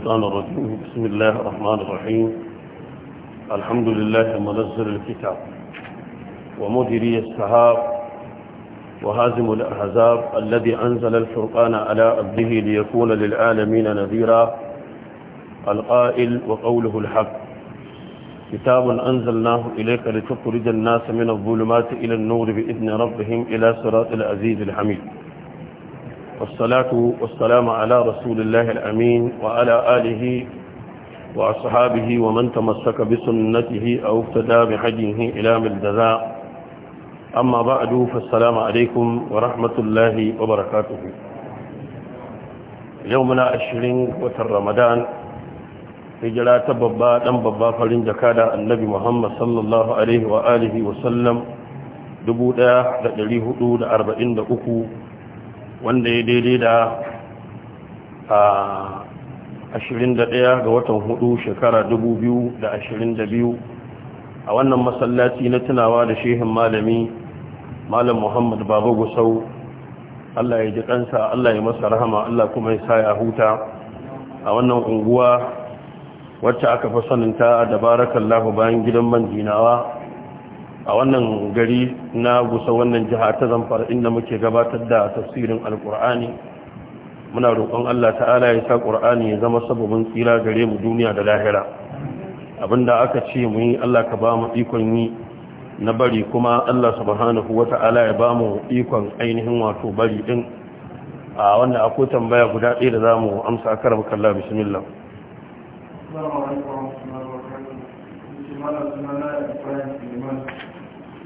الشيطان الرجيم بسم الله الرحمن الرحيم الحمد لله منزل الكتاب ومدري السحاب وهازم الأحزاب الذي أنزل الفرقان على ابنه ليكون للعالمين نذيرا القائل وقوله الحق كتاب أنزلناه إليك لتخرج الناس من الظلمات إلى النور بإذن ربهم إلى صراط العزيز الحميد والصلاة والسلام على رسول الله الأمين وعلى آله وأصحابه ومن تمسك بسنته أو افتدى بحجه إلى ملدذاء أما بعد فالسلام عليكم ورحمة الله وبركاته يومنا عشرين وتر رمضان هجلا تببا تنببا فلنجكادا النبي محمد صلى الله عليه وآله وسلم دبودا لدليه دود أربعين دقوه wanda ya daidai da a 21 ga watan hudu shekara 2022 a wannan masallaci na tunawa da shehin malami malam muhammad baba gusau allah ya ji kansa allah ya masa rahama allah kuma ya sa ya huta a wannan unguwa wacce aka fi saninta da barakallahu bayan gidan manjinawa a wannan gari na gusa wannan jiha ta zamfara inda muke gabatar da tafsirin alkur'ani muna roƙon Allah ta'ala ya sa ƙur'ani ya zama sababin tsira gare mu duniya da lahira abinda aka ce mu yi Allah ka ba mu ikon yi na bari kuma Allah subhanahu wata'ala ya ba mu ikon ainihin wato bari din a wanda akwai tambaya guda ɗaya da za mu amsa akar kalla bismillah Assalamu alaikum warahmatullahi wabarakatuh. Bismillah sunana Ibrahim Suleiman.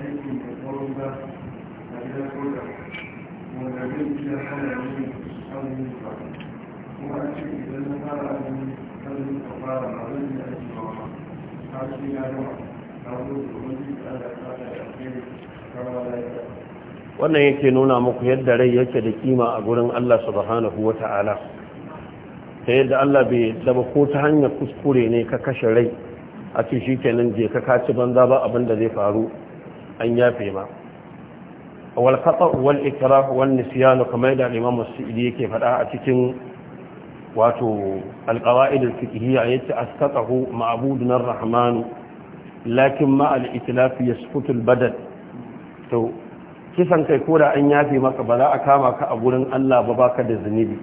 aikin karɓar ba a gidan soja wanda zai iya hana yin azumi ba kuma a ce idan na fara azumi azumi ka fara ba zan yi aiki ba ma har sai yi gama na zo da wani da ala tsada da alheri kama lafiya wannan yake nuna muku yadda rai yake da kima a gurin Allah subhanahu wa ta'ala ta yadda Allah bai daba ko ta hanyar kuskure ne ka kashe rai a cikin shi kenan je ka kaci banza ba abin da zai faru an yafe ma wal khata wal ikrah wal nisyan kamar da imam as yake faɗa a cikin wato alkawaidar qawaid al-fiqhiyya yace asqatahu ma'abudu na rahmanu lakin ma al-itlaf yasqutu al-badal to kisan kai ko da an yafe maka ba za a kama ka a gurin Allah ba baka da zunubi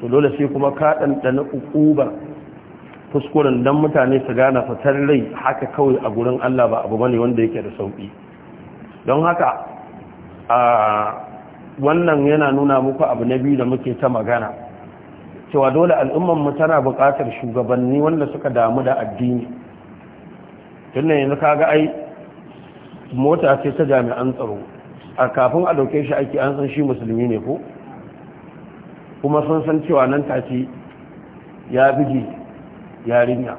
to dole sai kuma ka ɗanɗana ukubar fuskuren don mutane su gane fitar rai haka kawai a gurin Allah ba abu bane wanda yake da sauƙi don haka a wannan yana nuna muku abu na biyu da muke ta magana cewa dole al'umman mu tana buƙatar shugabanni wanda suka damu da addini tunda yanzu kaga ai mota ce ta jami'an tsaro a kafin a dauke shi ake an san shi musulmi ne ko kuma sun san cewa nan ce ya bige yarinya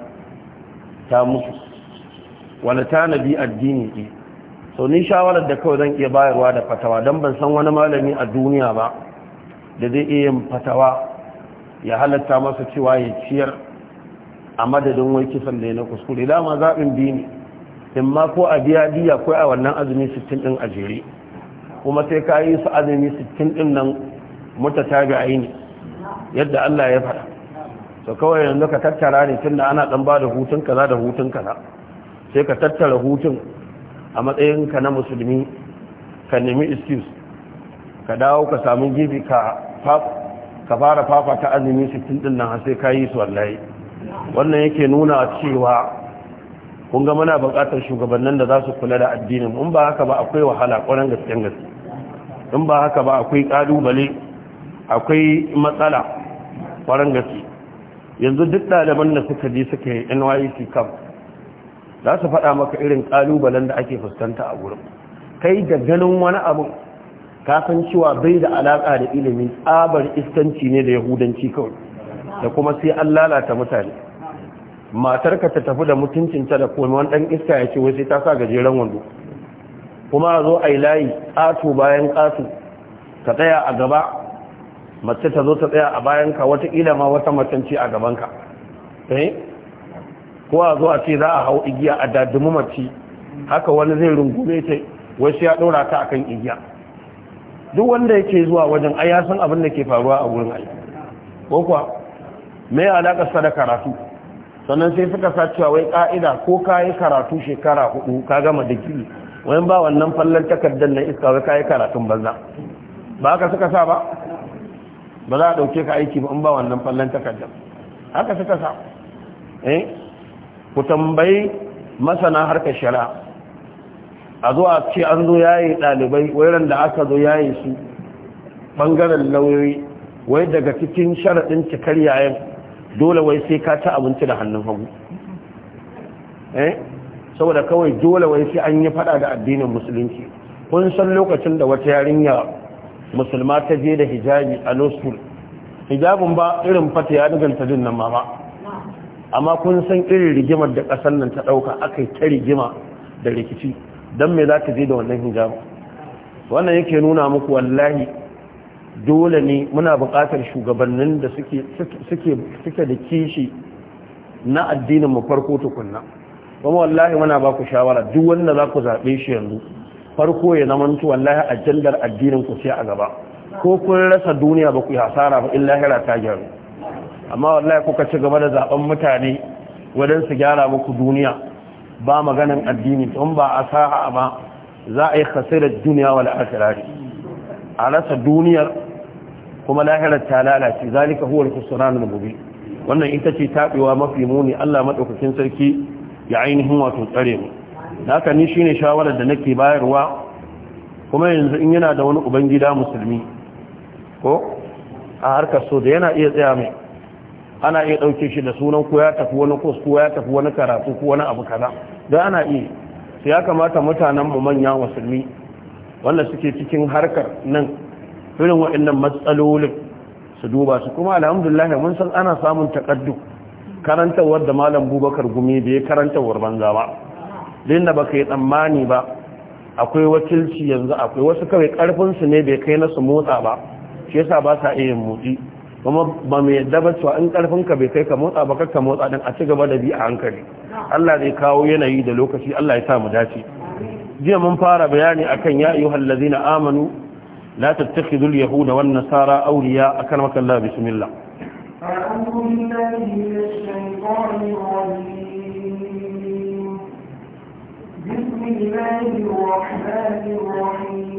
ta mutu wani tanabi addini ne to ni shawarar da kawai zan iya bayarwa da fatawa don ban san wani malami a duniya ba da zai iya yin fatawa ya halatta masa cewa ya ciyar a madadin wai kisan da ya na kuskure dama zaɓin biyu ne in ma ko a biya biya ko a wannan azumi 60 ɗin a jere kuma sai ka yi su azumi 60 ɗin nan ga aini yadda Allah ya faɗa to kawai yanzu ka tattara ne tun da ana ɗan ba da hutun kaza da hutun kaza sai ka tattara hutun a matsayinka na musulmi ka nemi excuse ka dawo ka samu gibi ka fara fafa ta azumi sittin din nan sai ka yi su wallahi wannan yake nuna cewa kun ga muna buƙatar shugabannin da za su kula da addinin in ba haka ba akwai wahala ƙwarar gaskiyar gaske in ba haka ba akwai ƙalubale akwai matsala ƙwarar gaske yanzu duk ɗaliban da suka je suka yi nyc camp za su faɗa maka irin ƙalubalen da ake fuskanta a wurin kai da ganin wani abu ka san cewa bai da alaƙa da ilimin tsabar iskanci ne da yahudanci kawai da kuma sai an lalata mutane matarka ta tafi da mutuncinta da kuma wani ɗan iska ya ce wai sai ta sa gajeren wando kuma zo a yi layi ƙato bayan ƙato ka tsaya a gaba mace ta zo ta tsaya a bayanka wata ma wata matanci a gabanka eh kowa zo a ce za a hau igiya a dadumi mace haka wani zai rungume ta wasu ya ɗora ta akan igiya duk wanda yake zuwa wajen ai ya san abin da ke faruwa a wurin ai ko kuwa me ya alaka sada karatu sannan sai suka sa cewa wai ka'ida ko yi karatu shekara hudu ka gama digiri wani ba wannan fallon takardar na iska wai yi karatun banza ba haka suka sa ba ba za a ɗauke ka aiki ba in ba wannan fallon takardar haka suka sa eh ku tambayi masana harkar shari'a a zuwa ce an zo yayi ɗalibai wairan da aka zo yayi su bangaren lauyoyi wai daga cikin sharaɗin cikar yayin dole wai sai ka ci abinci da hannun hagu eh saboda kawai dole wai sai an yi faɗa da addinin musulunci kun san lokacin da wata yarinya musulma ta je da hijabi a losul hijabin ba irin fata ya danganta din nan mama amma kun san irin rigimar da ƙasar nan ta ɗauka aka yi ta rigima da rikici don me za ka je da wannan hijabu wannan yake nuna muku wallahi dole ne muna buƙatar shugabannin da suke da kishi na addinin mu farko tukunna kuma wallahi muna ba ku shawara duk wanda za ku zaɓe shi yanzu farko ya zamantu wallahi ajandar addinin ku sai a gaba ko kun rasa duniya ba ku yi hasara ba in lahira ta gyaru amma wallahi kuka ci gaba da zaben mutane wadan su gyara muku duniya ba maganin addini don ba a sa'a ba za a yi khasirar duniya wal akhirati a rasa duniyar kuma lahirar ta lalace zalika huwar al-khusran wannan ita ce tabewa mafi muni Allah madaukakin sarki ya ainihin wato tsare mu haka ni shine shawarar da nake bayarwa kuma yanzu in yana da wani ubangida musulmi ko a harkar so da yana iya tsaya mai ana iya ɗauke shi da sunan ko ya tafi wani kos ko ya tafi wani karatu ko wani abu kaza dan ana iya sai ya kamata mutanen mu manya musulmi wanda suke cikin harkar nan irin waɗannan matsalolin su duba su kuma alhamdulillah mun san ana samun takaddu karantawar da malam bubakar gumi da ya karantawar banza ba din da baka yi tsammani ba akwai wakilci yanzu akwai wasu kawai karfin su ne bai kai na su motsa ba shi yasa ba sa iya motsi kuma ba mai yadda ba cewa in karfin ka bai kai ka motsa ba ka motsa din a ci gaba da bi a hankali Allah zai kawo yanayi da lokaci Allah ya sa mu dace jiya mun fara bayani akan ya ayyuhal ladzina amanu la tattakhidhu al yahuda wan nasara awliya akan maka Allah bismillah بسم الله الرحمن الرحيم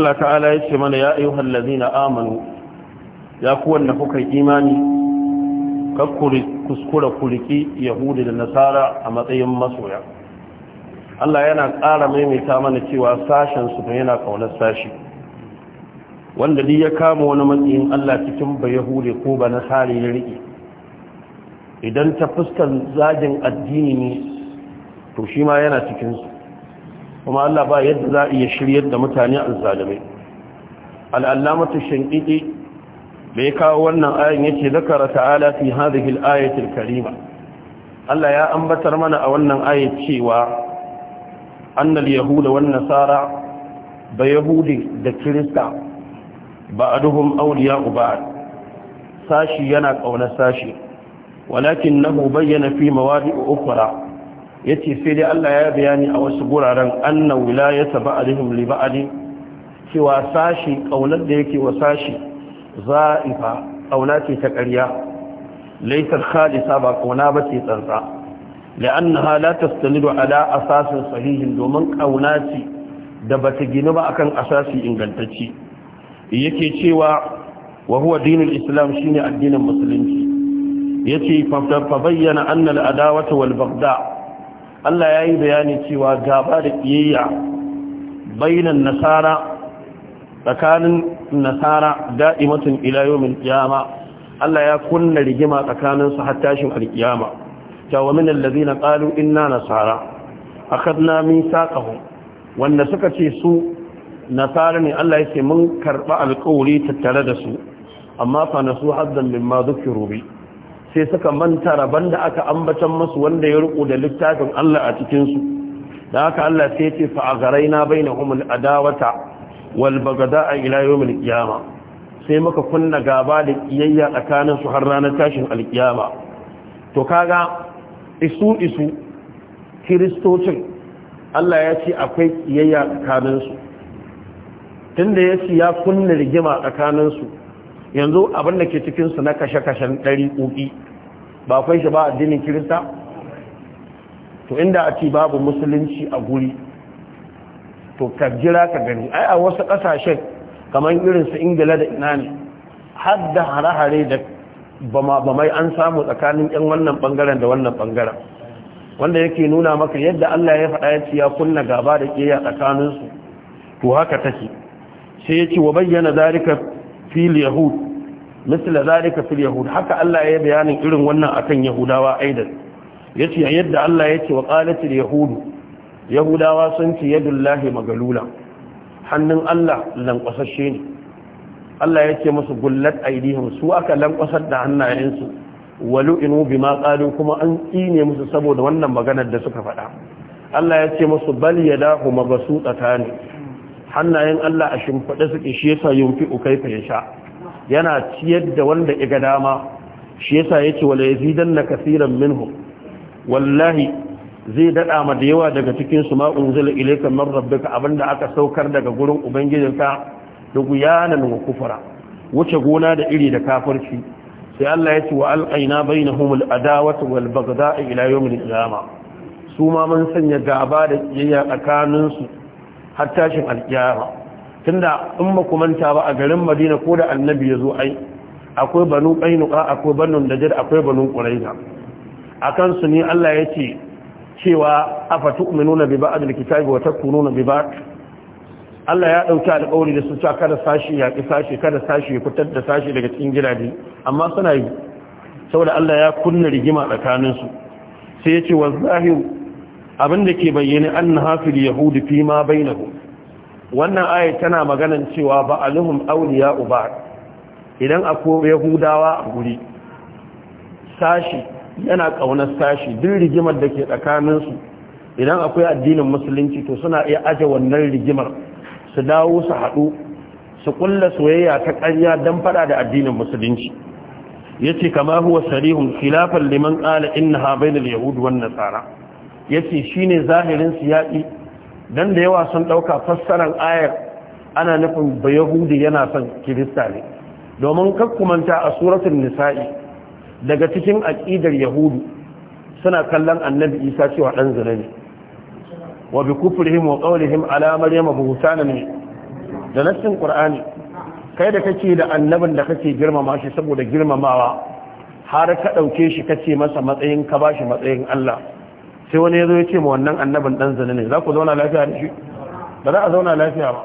Allah ta'ala ya ce mana ya ayyuhal ladzina amanu ya ku wanda kuka imani kakkuri kuskura kuliki yahudi da nasara a matsayin masoya Allah yana ƙara maimaita mana cewa sashen su yana kaunar sashi wanda duk ya kama wani matsayin Allah cikin ba yahudi ko ba nasara ya riƙe idan ta fuskar zagin addini ne to shi ma yana cikinsu kuma Allah ba yadda za a iya shiryar da mutane azzalimai al'allamatu shinqiti da ya kawo wannan ayin yace zakara ta'ala fi hadhihi al-ayati al-karima Allah ya ambatar mana a wannan ayat cewa annal yahuda wan nasara ba yahudi da kirista ba'aduhum ya ba'd sashi yana kauna sashi walakin nahu bayyana fi mawadi'u ukhra yace sai dai Allah ya bayani a wasu guraren anna wilayata ba'dihim li ba'di cewa sashi ƙaunar da yake wa sashi za'ifa Ƙauna ce ta ƙarya laysat khalisa ba ƙauna ba ce tsantsa la'annaha la tastanidu ala asasin sahihin domin ƙauna ce da bata gina ba akan asasi ingantacci yake cewa wa huwa dinul islam shine addinin musulunci yace fa bayyana anna al-adawata wal baghdha Allah ya yi bayani cewa gaba da ƙiyayya bainan nasara tsakanin nasara da'imatun ila ilayomin iyama, Allah ya kunna rigima tsakanin su har tashin alqiyama jawa min allazina qalu inna nasara akhadna mithaqahum wanda suka ce su nasara ne Allah ya ce mun karɓa alƙawari tattare da su amma fa nasu haddan ma dhukiru bi sai suka manta rabon da aka ambatan masu wanda ya ruku da littafin Allah a cikinsu da haka Allah sai ce fa garai na bai na umar adawata walbagada a ilayo kiyama sai muka kunna gaba da ƙiyayya tsakaninsu har ranar tashin alkiyama to kaga isu isu kiristocin Allah ya ce akwai ƙiyayya tsakaninsu Tunda tunda ya ce ya kunna rigima tsakaninsu yanzu abin da ke cikinsu na kashe-kashen ɗari ƙoƙi ba kwai shi ba addinin kirista to inda a ce babu musulunci a guri to ka jira ka gani ai a wasu ƙasashen kamar irinsu ingila da ina ne har da hare-hare da bamai an samu tsakanin 'yan wannan ɓangaren da wannan ɓangaren wanda yake nuna maka yadda allah ya faɗa ya ci ya kunna gaba da ƙeya tsakaninsu to haka take sai ya ci wa bayyana zarika fil yahud misla zalika fil yahud haka Allah ya bayanin irin wannan akan yahudawa aidan yace yadda Allah yace wa qalatil yahud yahudawa sun ce yadullahi magalula hannun Allah lankwasashe ne Allah ya ce musu gullat aidihim su aka lankwasar da hannayensu walu inu bima qalu kuma an tsine musu saboda wannan maganar da suka faɗa Allah ya ce musu bal yadahu mabsutatan hannayen Allah a shimfaɗe suke shi yasa yunfi ukai fa yasha yana ciyar da wanda ya ga dama shi yasa yace wala na kaseeran minhu. wallahi zai dada ma da yawa daga cikin su ma unzila ilayka min rabbika abinda aka saukar daga gurin ubangijinka da guyanan wa kufra wuce gona da iri da kafirci sai Allah ya ce wa alqaina bainahum al-adawata wal baghdha ila yawm al-qiyamah su ma mun sanya gaba da kiyaya tsakaninsu har tashin alkiyama tunda in ba ku manta ba a garin madina ko da annabi ya zo ai akwai banu qainuqa akwai banu akwai banu quraiza akan su ne Allah ya ce cewa afatu'minuna bi ba'd alkitabi wa takfuruna bi ba'd Allah ya ɗauki alƙawari da su cewa kada sashi ya ki sashi kada sashi ya fitar da sashi daga cikin gidaje amma suna yi saboda Allah ya kunna rigima tsakaninsu sai ya ce wa zahiru abin da ke bayyana annaha fil fima fi ma bainahum wannan ayat tana maganar cewa ba'aluhum awliya uba idan akwai yahudawa a guri sashi yana kaunar sashi duk rigimar da ke tsakaninsu. idan akwai addinin musulunci to suna iya aje wannan rigimar su dawo su haɗu su kulla soyayya ta ƙarya don faɗa da addinin musulunci yace kama huwa sarihun khilafan liman qala innaha bainal yahud wan nasara yace shine zahirin siyaqi dan da yawa sun dauka fassaran ayar ana nufin bayahudi yana son kirista ne domin kakkumanta a suratul nisa'i daga cikin aqidar yahudu suna kallon annabi isa cewa dan zina ne wa bi kufrihim wa qawlihim ala maryama buhtanan ne da nassin qur'ani kai da kake da annabin da kake girmama shi saboda girmamawa har ka dauke shi kace masa matsayin ka bashi matsayin Allah sai wani ya zo ya ce ma wannan annabin dan zane ne za ku zauna lafiya da shi ba za a zauna lafiya ba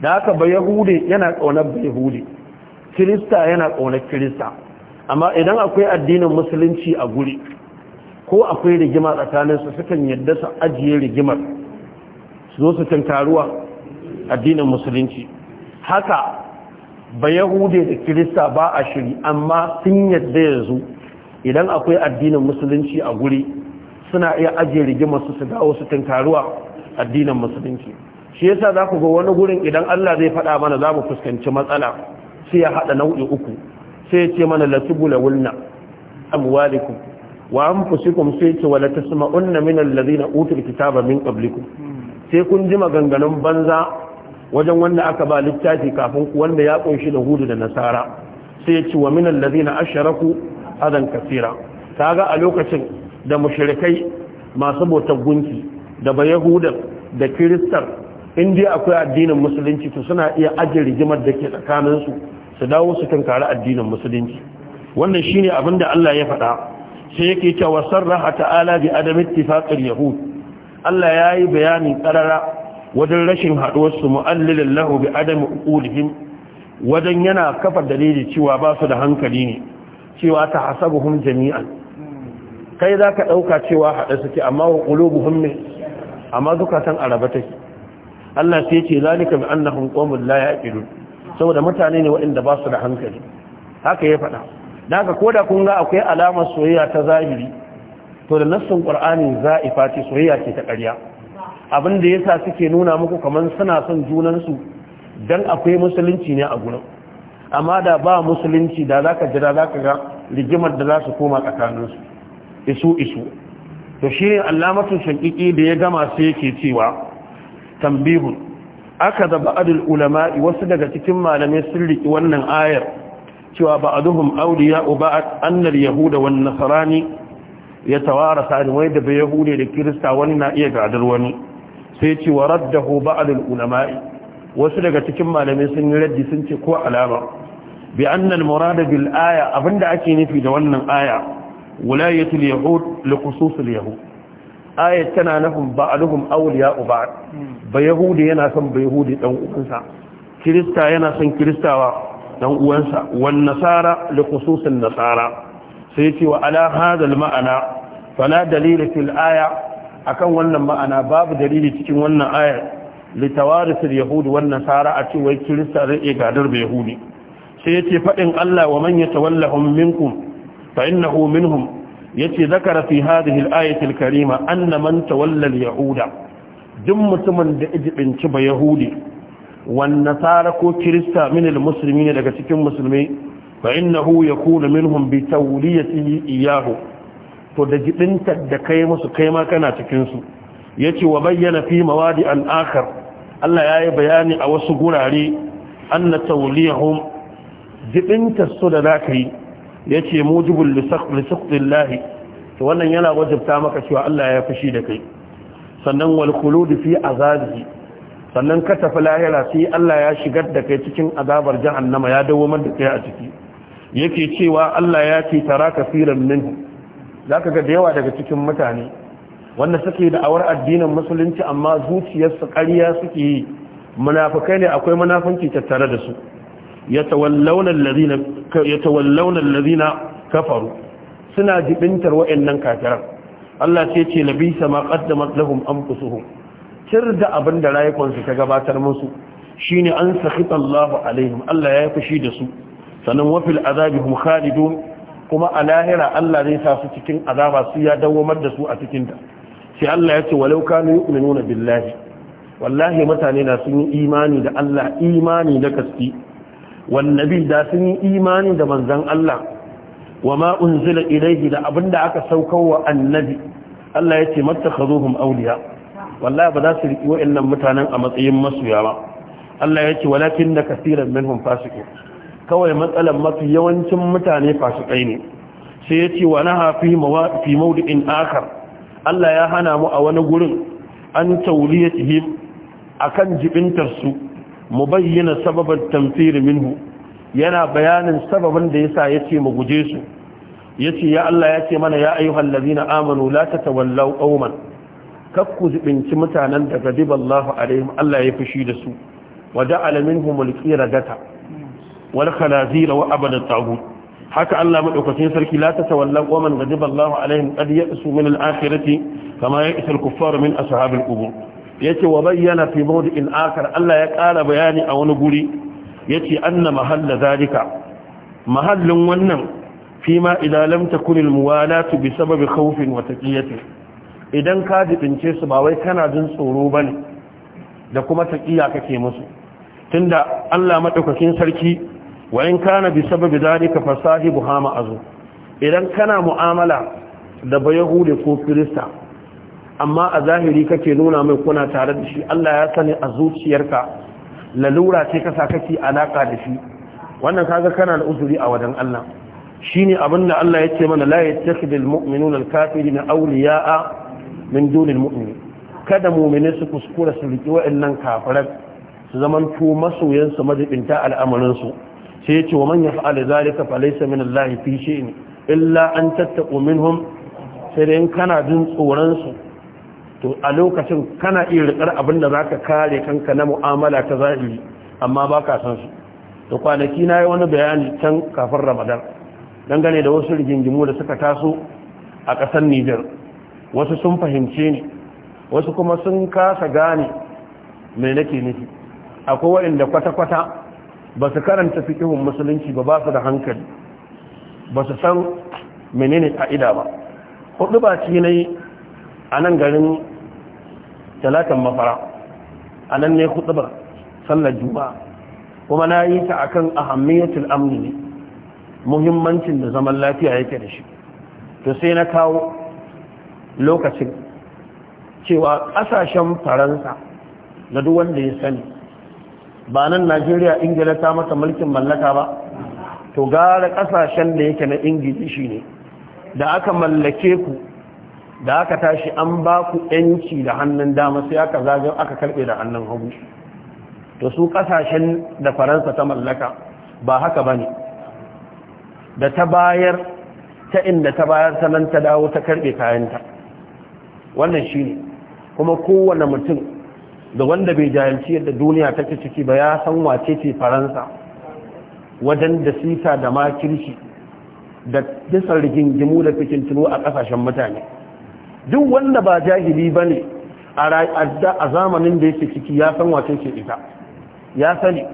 da haka ba yahudi yana ƙaunar ba yahudi kirista yana ƙaunar kirista amma idan akwai addinin musulunci a guri ko akwai rigima tsakanin tsakaninsu sukan yadda su ajiye rigimar su zo su tankaruwa addinin musulunci haka ba yahude da kirista ba a shiri amma sun yadda yanzu idan akwai addinin musulunci a guri suna iya ajiye rigima su su dawo su tunkaruwa addinin musulunci shi yasa za ku ga wani gurin idan Allah zai faɗa mana za mu fuskanci matsala sai ya haɗa nau'i uku sai ya ce mana latubula wulna amwalikum wa anfusikum sai ya ce wala tasma'unna min alladhina utul kitaba min qablikum sai kun ji maganganun banza wajen wanda aka ba littafi kafin ku wanda ya kunshi da hudu da nasara sai ya ce wa min alladhina asharaku adan kasira kaga a lokacin da mushirikai, masu bautar gunki da bayahudan da kiristar in dai akwai addinin musulunci to suna iya ajiye rigimar da ke tsakaninsu su dawo su tunkari addinin musulunci wannan shine abin da Allah ya faɗa sai yake cewa Raha ta'ala bi adam ittifaqil yahud Allah yayi bayanin ƙarara wajen rashin haduwar su mu'allilin lahu bi adam uqulihim wajen yana kafa dalili cewa ba su da hankali ne cewa ta hasabuhum jami'an kai za ka ɗauka cewa haɗe suke amma wa ƙulubu hunne amma zukatan araba take Allah sai ce zalika bi annahum qawmun la yaqilun saboda mutane ne waɗanda ba su da hankali haka ya faɗa da haka da kun ga akwai alamar soyayya ta zahiri to da nassin qur'ani za'ifa ce soyayya ce ta ƙarya abin da yasa suke nuna muku kaman suna son junansu. su dan akwai musulunci ne a gurin amma da ba musulunci da zaka jira zaka ga rigimar da za su koma tsakaninsu isu isu to shi ne allamatun da ya gama sai yake cewa tambihun aka da ba'adul ulama'i wasu daga cikin malamai sun riki wannan ayar cewa ba'aduhum awliya uba annal yahuda wan nasrani ya tawara sani wai da bai yahude da kirista wani na iya gadar wani sai ce wa raddahu ba'adul ulama'i wasu daga cikin malamai sun yi raddi sun ce ko alama bi annal murada bil aya abinda ake nufi da wannan aya wulayatul yahud li yahud ayat tana nufin ba'aluhum awliya'u ba'd ba yahudi yana son ba yahudi dan uwansa kirista yana son kiristawa dan uwansa wan nasara li khususin nasara sai ce wa ala hadha al ma'ana fala dalila fil aya akan wannan ma'ana babu dalili cikin wannan ayar لتوارث اليهود والنصارى أتوي كريستا رئي قادر بيهودي سيتي فإن الله ومن يتولهم منكم fa innahu minhum yace zakara fi hadhihi al-ayati al-karima anna man tawalla yahuda duk mutumin da ijibinci ba yahudi wan nasara ko kirista min al-muslimin daga cikin musulmai fa innahu yakunu minhum bi tawliyatihi iyahu to da jibinta da kai musu kai ma kana cikin su yace wa bayyana fimawa mawadi al-akhar Allah yayi bayani a wasu gurare anna tawliyahum jibinta su da yi. yace mujibul lisaqdillahi to wannan yana wajibta maka cewa Allah ya fushi da kai sannan wal khulud fi azabi sannan ka tafi lahira sai Allah ya shigar da kai cikin azabar jahannama ya dawo da kai a ciki yake cewa Allah ya ce tara kafiran minhu zaka ga da yawa daga cikin mutane wanda suke da awar addinin musulunci amma zuciyarsu ƙarya suke yi munafikai ne akwai munafunci tattare da su yatawallawna alladhina kafaru suna jibintar waɗannan kafirar Allah sai ce labisa ma qaddamat lahum anfusuhum tir da abinda rayukan su ta gabatar musu shine an saki. Allahu alaihim Allah ya fushi da su sanan wafil azabihum khalidun kuma a lahira Allah zai sa su cikin azaba su ya dawomar da su a cikin ta sai Allah ya ce walau kanu yu'minuna billahi wallahi mutane na sun yi imani da Allah imani da gaskiya wannabi da sun yi imani da manzan Allah wa ma unzila ilaihi da abinda aka saukar wa annabi Allah ya ce mattakhazuhum awliya wallahi ba za su riki wa'annan mutanen a matsayin masoya ba Allah ya ce walakin da kaseeran minhum fasiqun kawai matsalan mafi yawancin mutane fasikai ne sai ya ce wa naha fi fi mawdi'in akhar Allah ya hana mu a wani gurin an tawliyatihim akan jibintar su mubayyana sababan tamfiri minhu yana bayanin sababin da yasa yace mu guje su yace ya Allah yace mana ya ayyuhal ladina amanu la tatawallaw qauman kakku zibinci mutanen da gadiballahu alaihim Allah ya fushi da su wa ja'ala minhumul qiradata wal khanazira wa abada tagut haka Allah madaukakin sarki la tatawallaw qauman gadiballahu alaihim qad ya'su min al-akhirati kama ya'sul kuffar min ashabil qubur ce wa bayyana fi in akar Allah ya ƙara bayani a wani guri yace anna mahalla zalika mahallin wannan fima idza lam takun muwalatu bi sababi khawfin wa taqiyati idan ka dibince su ba wai kana jin tsoro bane da kuma taqiya kake musu tunda Allah madaukakin sarki wa in kana bi sababi zalika fasahibu hama azu idan kana mu'amala da bayahude ko kirista amma a zahiri kake nuna mai kuna tare da shi Allah ya sani a zuciyarka lalura ce ka sa kake alaka da shi wannan kaga kana da uzuri a wajen Allah shine abin da Allah ya ce mana la yattakhidul mu'minuna al-kafirina awliya'a min dunil mu'minin kada mu'mini su kuskura su riki wa'annan kafiran su zaman to masoyan su majibinta al'amarin su sai ya ce wa man yaf'al zalika fa laysa min Allah fi shay'in illa an tattaqu minhum sai kana jin tsoron su to a lokacin kana iya rikar abin da zaka kare kanka na mu'amala ta zahiri amma ba ka san su to kwanaki na yi wani bayani can kafin ramadan dangane da wasu rigingimu da suka taso a ƙasar niger wasu sun fahimce ni wasu kuma sun kasa gane mai nake nufi akwai waɗanda kwata-kwata ba su karanta fikihun musulunci ba ba su da hankali ba su san menene ka'ida ba hudu ba ci na yi a nan garin talatan mafara a nan ne hutubar sallar juma'a kuma na yi ta akan ahammiyatul amni ne muhimmancin da zaman lafiya yake da shi to sai na kawo lokacin cewa ƙasashen faransa na duk wanda ya sani ba nan najeriya ingila ta masa mulkin mallaka ba to gara ƙasashen da yake na ingilishi ne da aka mallake ku da aka tashi an ba ku yanci da hannun dama sai aka zage aka karbe da hannun hagu to su kasashen da faransa ta mallaka ba haka ba ne. da ta bayar ta inda ta bayar sanan ta dawo ta karbe kayanta wannan shi ne kuma kowane mutum da wanda bai jayanci yadda duniya ta ci ciki ba ya san wace ce faransa wajen da sita da makirki da disar rigingimu da fikin tuno a ƙasashen mutane duk wanda ba jahili ba ne a zamanin da yake ciki ya san wace ce ita ya sani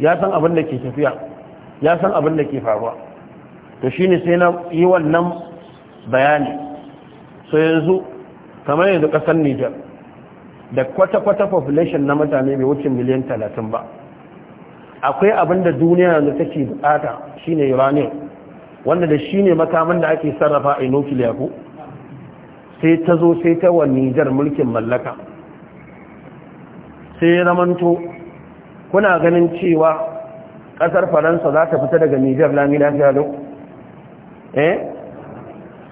ya san abin da ke tafiya ya san abin da ke faruwa to shi ne sai na yi wannan bayani so yanzu kamar yanzu kasar Nijar da kwata-kwata population na mutane mai wuce miliyan talatin ba akwai abin da duniya ta take bukata shine uranium wanda da shine makaman da ake sarrafa a nukiliya ko sai ta zo sai ta wa nijar mulkin mallaka sai ya zamanto kuna ganin cewa ƙasar faransa za ta fita daga nijar lami lafiya eh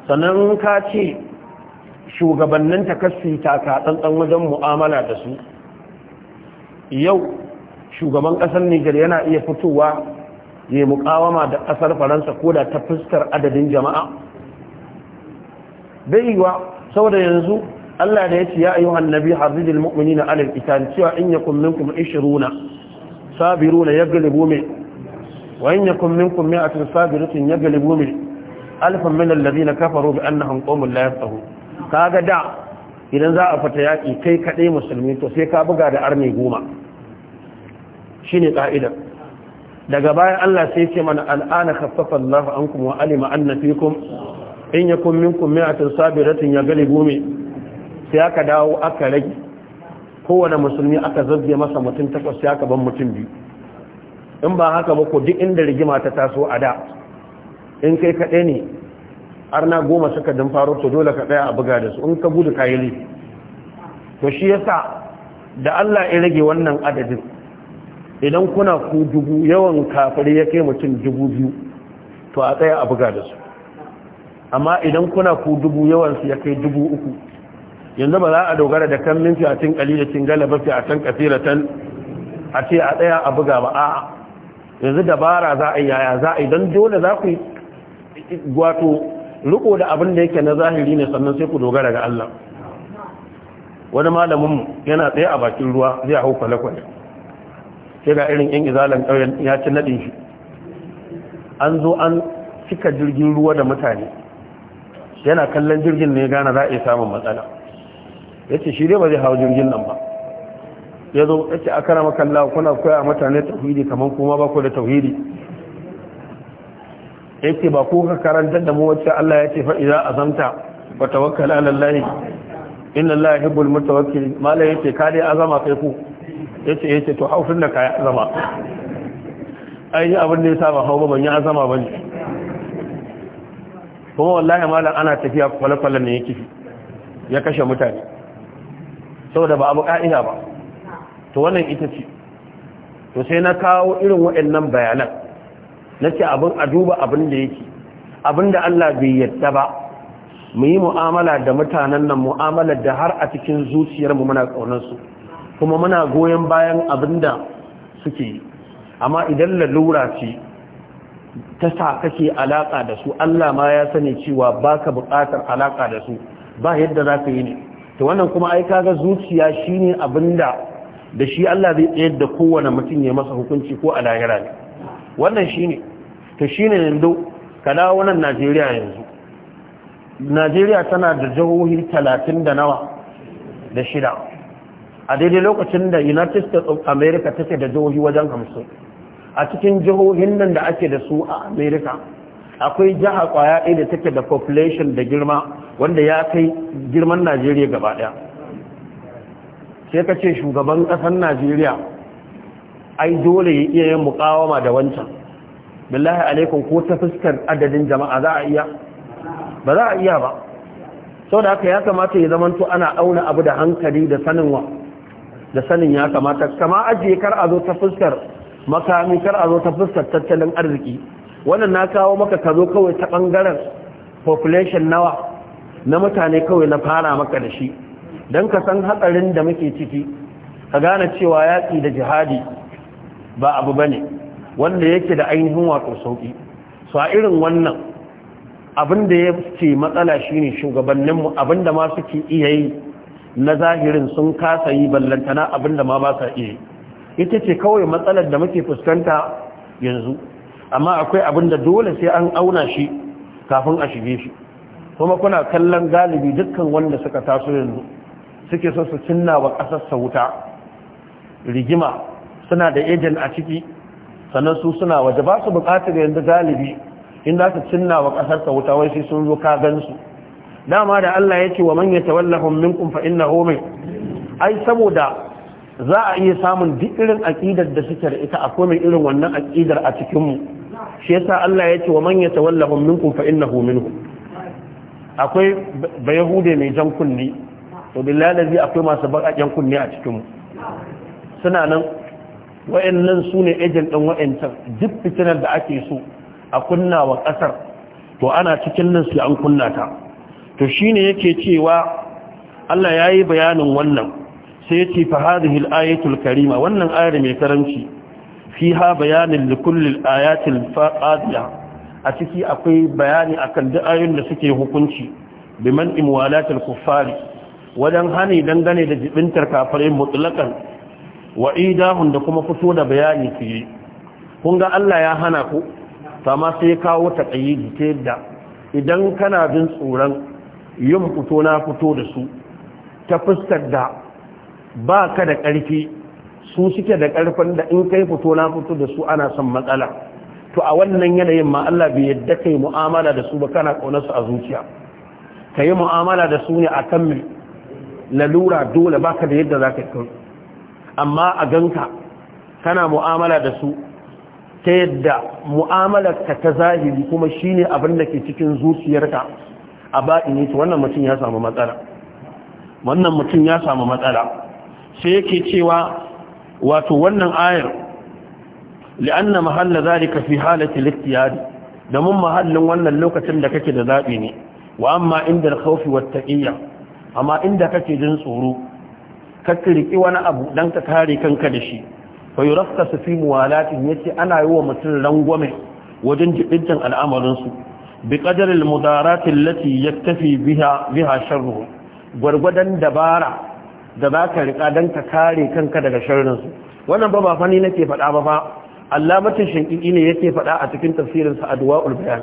sannan ka ce shugabannin kasu taka tsantsan wajen mu'amala da su yau shugaban ƙasar nijar yana iya fitowa ya muƙawama da ƙasar faransa ko da ta fuskar adadin jama'a bai yiwa saboda yanzu Allah da ya ce ya ayyuhan nabi harzijil mu'minina alal qital cewa in yakum minkum 20 sabiruna yaghlibu min wa in yakum minkum 100 sabiratun yaghlibu min alfan min alladhina kafaru bi annahum qawmun la yafqahun kaga da idan za a fita yaki kai kadai musulmi to sai ka buga da arme goma shine ka'idar daga baya Allah sai ya ce mana al'ana khaffafa Allahu ankum wa alima anna fikum in ya min kun mi'atun sabiratin ya gali gome sai aka dawo aka rage kowane musulmi aka zabge masa mutum takwas sai aka ban mutum biyu in ba haka ba ko duk inda rigima ta taso a da in kai kaɗai ne har na goma suka dan faro to dole ka tsaya a buga da su in ka gudu kayi laifi to shi yasa da Allah ya rage wannan adadin idan kuna ku dubu yawan kafiri ya kai mutum dubu biyu to a tsaya a buga da su amma idan kuna ku dubu yawansu ya kai dubu uku yanzu ba za a dogara da kan min da cin galaba ba kathiratan a ce a tsaya a buga ba a'a yanzu dabara za a yaya za a idan dole za ku wato riko da abin da yake na zahiri ne sannan sai ku dogara ga Allah wani malamin yana tsaye a bakin ruwa zai hau kwale-kwale sai ga irin yan izalan ƙauyen ya ci naɗin shi an zo an cika jirgin ruwa da mutane yana kallon jirgin ne gane za a yi samun matsala ya ce shi dai ba zai hau jirgin nan ba ya zo ya ce a kara makalla kuna koya mutane tauhidi kamar kuma ba ku da tauhidi ya ce ba kuka karanta da mu wacce Allah ya ce za a zanta ba tawakkala lallahi inna Allah ya hibbul mutawakki mala ya ce kare azama kai ku ya ce ya ce to haufin da ka azama ai abin da ya saba hau ba ban yi azama ba ne kuma wallahi malam ana tafiya kwale ne yake ya kashe mutane saboda ba abu ka'ida ba to wannan ita ce to sai na kawo irin waɗannan bayanan na ce abin a duba abin da yake abin da Allah bai yadda ba mu yi mu'amala da mutanen nan mu'amala da har a cikin zuciyarmu muna ƙaunarsu kuma muna goyon bayan abin da suke yi amma idan lalura ce ta sa kake alaka da su Allah ma ya sani cewa baka buƙatar alaka da su ba yadda za ka yi ne to wannan kuma ai kaga zuciya shine abinda da shi Allah zai tsayar da kowane mutum ya masa hukunci ko a lahira ne wannan shine to shine yanzu ka dawo nan Najeriya yanzu Najeriya tana da jihohi 30 da nawa da shida a daidai lokacin da United States of America take da jihohi wajen 50 a cikin jihohin nan da ake da su a amerika akwai jiha kwaya ɗaya da take da population da girma wanda ya kai girman najeriya gaba ɗaya sai ka ce shugaban ƙasar najeriya ai dole ya iya yin mukawama da wancan billahi alaikum ko ta fuskar adadin jama'a za a iya ba za a iya ba sau da haka ya kamata ya zamanto ana auna abu da hankali da sanin wa da sanin ya kamata kama ajiye kar a zo ta fuskar makami kar a zo ta fuskar tattalin arziki wannan na kawo maka ka zo kawai ta ɓangaren population nawa na mutane kawai na fara maka da shi don ka san hatsarin da muke ciki ka gane cewa yaƙi da jihadi ba abu ba ne wanda yake da ainihin wato sauƙi su a irin wannan abin da ya ce matsala shi ne shugabanninmu abin da ma suke iya yi na zahirin sun kasa yi ballantana abin da ma ba sa iya yi ita ce kawai matsalar da muke fuskanta yanzu amma akwai abin da dole sai an auna shi kafin a shige shi kuma kuna kallon galibi dukkan wanda suka taso yanzu suke so su cinna wa ƙasar sauta rigima suna da ejen a ciki sannan su suna waje ba su buƙatar yanzu galibi in za su cinna wa ƙasar sauta wai sai sun zo ka gansu dama da Allah ya ce wa man yatawallahum minkum fa innahu min ai saboda za a iya samun duk irin aƙidar da suke da ita akwai mai irin wannan aƙidar a cikinmu shi yasa Allah ya ce wa man yatawallahu minkum fa innahu minhum akwai ba yahude mai jan kunni to billahi lazi akwai masu baƙaƙen kunni a cikinmu suna nan wayannan sune ne din ɗin wayancan duk fitinar da ake so a kunna wa ƙasar to ana cikin nan sai an kunnata. to shine yake cewa Allah yayi bayanin wannan sai ce fa hadhihi al-ayatul karima wannan ayar mai karamci fiha bayanin li kulli al-ayati al a ciki akwai bayani akan duk ayoyin da suke hukunci biman imwalat al-kuffari wajen hani dangane da jibintar kafirai mutlaqan wa idahun da kuma fito da bayani fiye kun ga Allah ya hana ku sama sai kawo taqayyidi ta yadda idan kana jin tsoron yin fito na fito da su ta fuskar da ba ka da ƙarfi su suke da ƙarfin da in kai fito na fito da su ana son matsala to a wannan yanayin ma Allah bai yadda kai mu'amala da su ba kana ƙaunar su a zuciya ka yi mu'amala da su ne a kan mai lalura dole ba ka da yadda za ka yi amma a ganka kana mu'amala da su ta yadda mu'amalarka ta zahiri kuma shine abin da ke cikin zuciyarka a baɗi ne wannan mutum ya samu matsala wannan mutum ya samu matsala sai yake cewa wato wannan ayar li'anna mahalla zalika fi halati al-ikhtiyar da mun mahallin wannan lokacin da kake da zabi ne wa amma inda al-khawf wa taqiyya amma inda kake jin tsoro ka kirki wani abu dan ka kare kanka da shi fa yuraffasu fi muwalatin yace ana yi wa mutum rangwame wajen jibincin al'amarin su bi qadar al-mudarat allati yaktafi biha biha sharruhu gurgudan dabara da za ka riƙa don ka kare kanka daga shirinsu. wannan ba ba nake faɗa ba fa Allah mutum shinkiki ne yake faɗa a cikin tafsirinsa adwa'ul bayan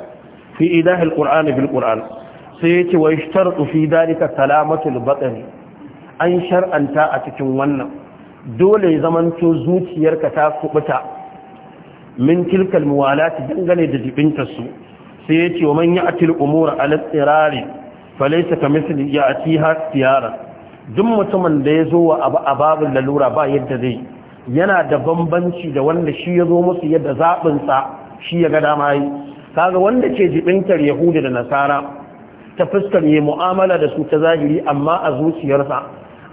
fi idahil qur'ani bil qur'an sai yace wa ishtaratu fi dalika salamatul batni an shar'anta a cikin wannan dole ya to zuciyarka ta kubuta min tilkal muwalati dangane da jibinta su sai ce wa man ya'til umura ala tsirari falaysa kamithli ya'tiha tiyaran duk mutumin da ya zo wa ababin lalura ba yadda zai yana da bambanci da wanda shi ya zo musu yadda zaɓinsa shi ya ga dama kaga wanda ke jibintar yahudu da nasara ta fuskar yi mu'amala da su ta zahiri amma a zuciyarsa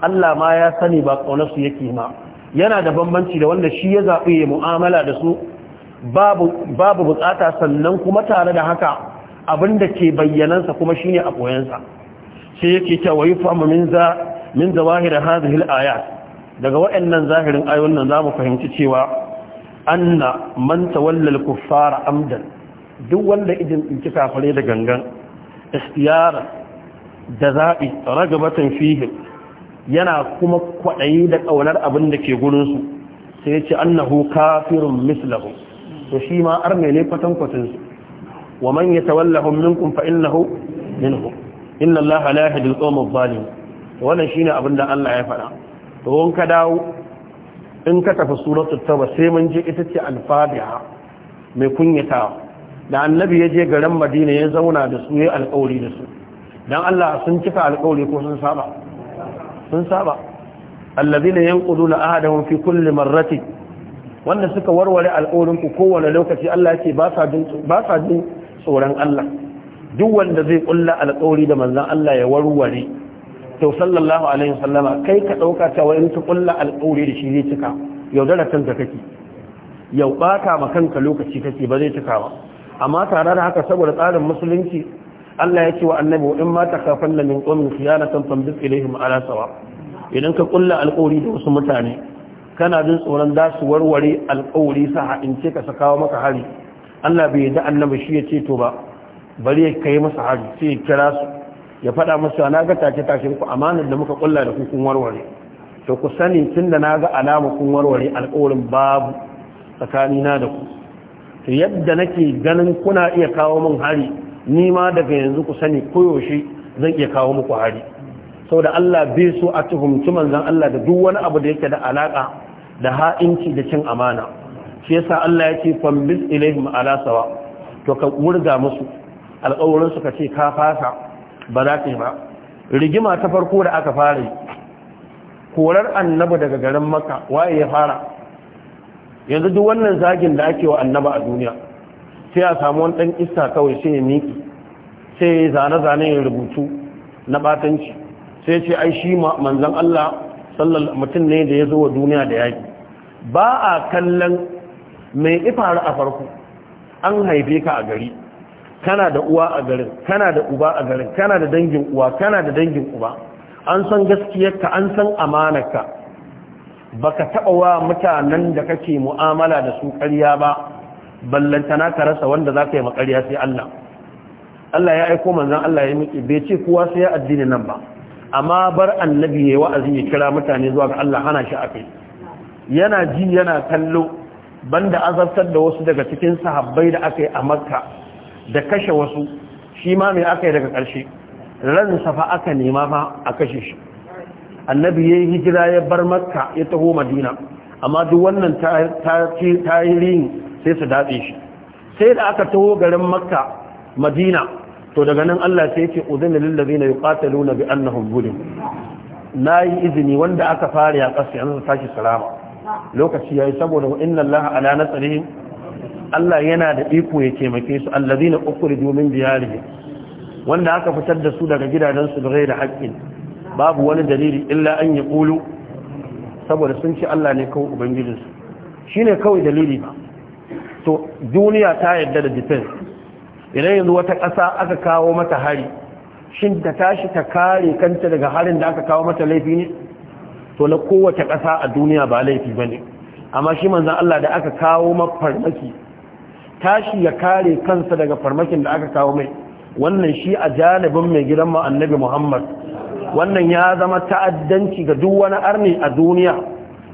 allah ma ya sani ba ƙaunarsu yake ma yana da bambanci da wanda shi ya zaɓi ya mu'amala da su babu buƙata sannan kuma tare da haka abinda ke bayyanansa kuma shine a koyansa sai yake ta wayi famu min za min zawahira hadhihi al-ayat daga waɗannan zahirin ayoyin nan zamu fahimci cewa anna man tawalla al-kuffara amdan duk wanda idin dinki kafare da gangan istiyara da zabi ragabatan fihi yana kuma kwadayi da kaunar abin da ke gurin su sai ce annahu kafirun mislahu to shi ma arme ne kwatankwatan su wa man yatawallahum minkum fa innahu minhum inna allaha la yahdi al-qawm adh-dhalimin wannan shine abin da Allah ya faɗa to in ka dawo in ka tafi suratul tauba sai mun je ita ce al-fatiha mai kunyata da annabi ya je garin Madina ya zauna da su ya alƙawari da su dan Allah sun cika alƙawari ko sun saba sun saba alladhina yanquduna ahadahum fi kulli marrati wanda suka warware alƙawarin ku kowane lokaci Allah yake ba sa jin ba sa jin tsoron Allah duk wanda zai kulla alƙawari da manzon Allah ya warware to sallallahu alaihi wasallama kai ka dauka cewa in ta kulla alƙawari da shi zai cika yaudara kanka kake yau baka ma kanka lokaci kake ba zai cika ba amma tare da haka saboda tsarin musulunci Allah ya ce wa annabi in ma takafanna min qawmin khiyanatan fambiq ilaihim ala sawa idan ka kulla alƙawari da wasu mutane kana jin tsoron da su warware alƙawari sa in ce ka sakawa maka hari Allah bai da annabi shi ya ce to ba bari ya kai masa hari sai ya kira su ya faɗa musu na ga tace tashin ku amanar da muka kulla da ku kun warware to ku sani tun da na ga alama kun warware alƙawarin babu tsakanina da ku to yadda nake ganin kuna iya kawo min hari ni ma daga yanzu ku sani koyaushe zan iya kawo muku hari saboda Allah bai so a tuhumci manzon Allah da duk wani abu da yake da alaka da ha'inci da cin amana shi yasa Allah ya ce fambil ilaihim ala sawa to ka wurga musu alƙawarin ka ce ka fasa ba za su yi ba rigima ta farko da aka fara yi korar annaba daga garin maka waye ya fara yanzu duk wannan zagin da ake wa annaba a duniya sai a samu wani ɗan iska kawai sai ya miki sai ya zane-zane ya rubutu na batanci sai ce ai shi manzan Allah sallallahu mutum ne da ya zo wa duniya da yaki ba a kallon mai ifara a farko an haife ka a gari kana da uwa a garin kana da uba a garin kana da dangin uwa kana da dangin uba an san gaskiyarka an san amanarka baka taba wa mutanen da kake mu'amala da su ƙarya ba ballantana ka rasa wanda za ka yi makarya sai Allah Allah ya aiko manzon Allah ya miƙe bai ce kowa sai ya addini nan ba amma bar annabi ya wa'azi ya kira mutane zuwa ga Allah hana shi akai yana ji yana kallo banda azabtar da wasu daga cikin sahabbai da aka yi a makka da kashe wasu shi ma mai aka yi daga ƙarshe ransa fa aka nema fa a kashe shi annabi ya yi hijira ya bar makka ya taho madina amma duk wannan tarihin sai su datse shi sai da aka taho garin makka madina to daga nan allah sai ce uzini lillazi na yi ƙatalo na bi annahun gudun na yi izini wanda aka fara ya ƙasa yanzu tashi salama lokaci ya yi saboda inna laha ala nasarihim Allah yana da iko ya taimake su allazina ukhriju min diyarihim wanda aka fitar da su daga gidajensu da gaira babu wani dalili illa an ya ƙulu saboda sun ci Allah ne kawai ubangijinsu shi shine kawai dalili ba to duniya ta yadda da defense idan yanzu wata ƙasa aka kawo mata hari shin ta tashi ta kare kanta daga harin da aka kawo mata laifi ne to na kowace ƙasa a duniya ba laifi ba ne amma shi manzon Allah da aka kawo mafarmaki tashi ya kare kansa daga farmakin da aka kawo mai wannan shi a janibin mai gidan mu annabi Muhammad wannan ya zama ta'addanci ga duk wani arni a duniya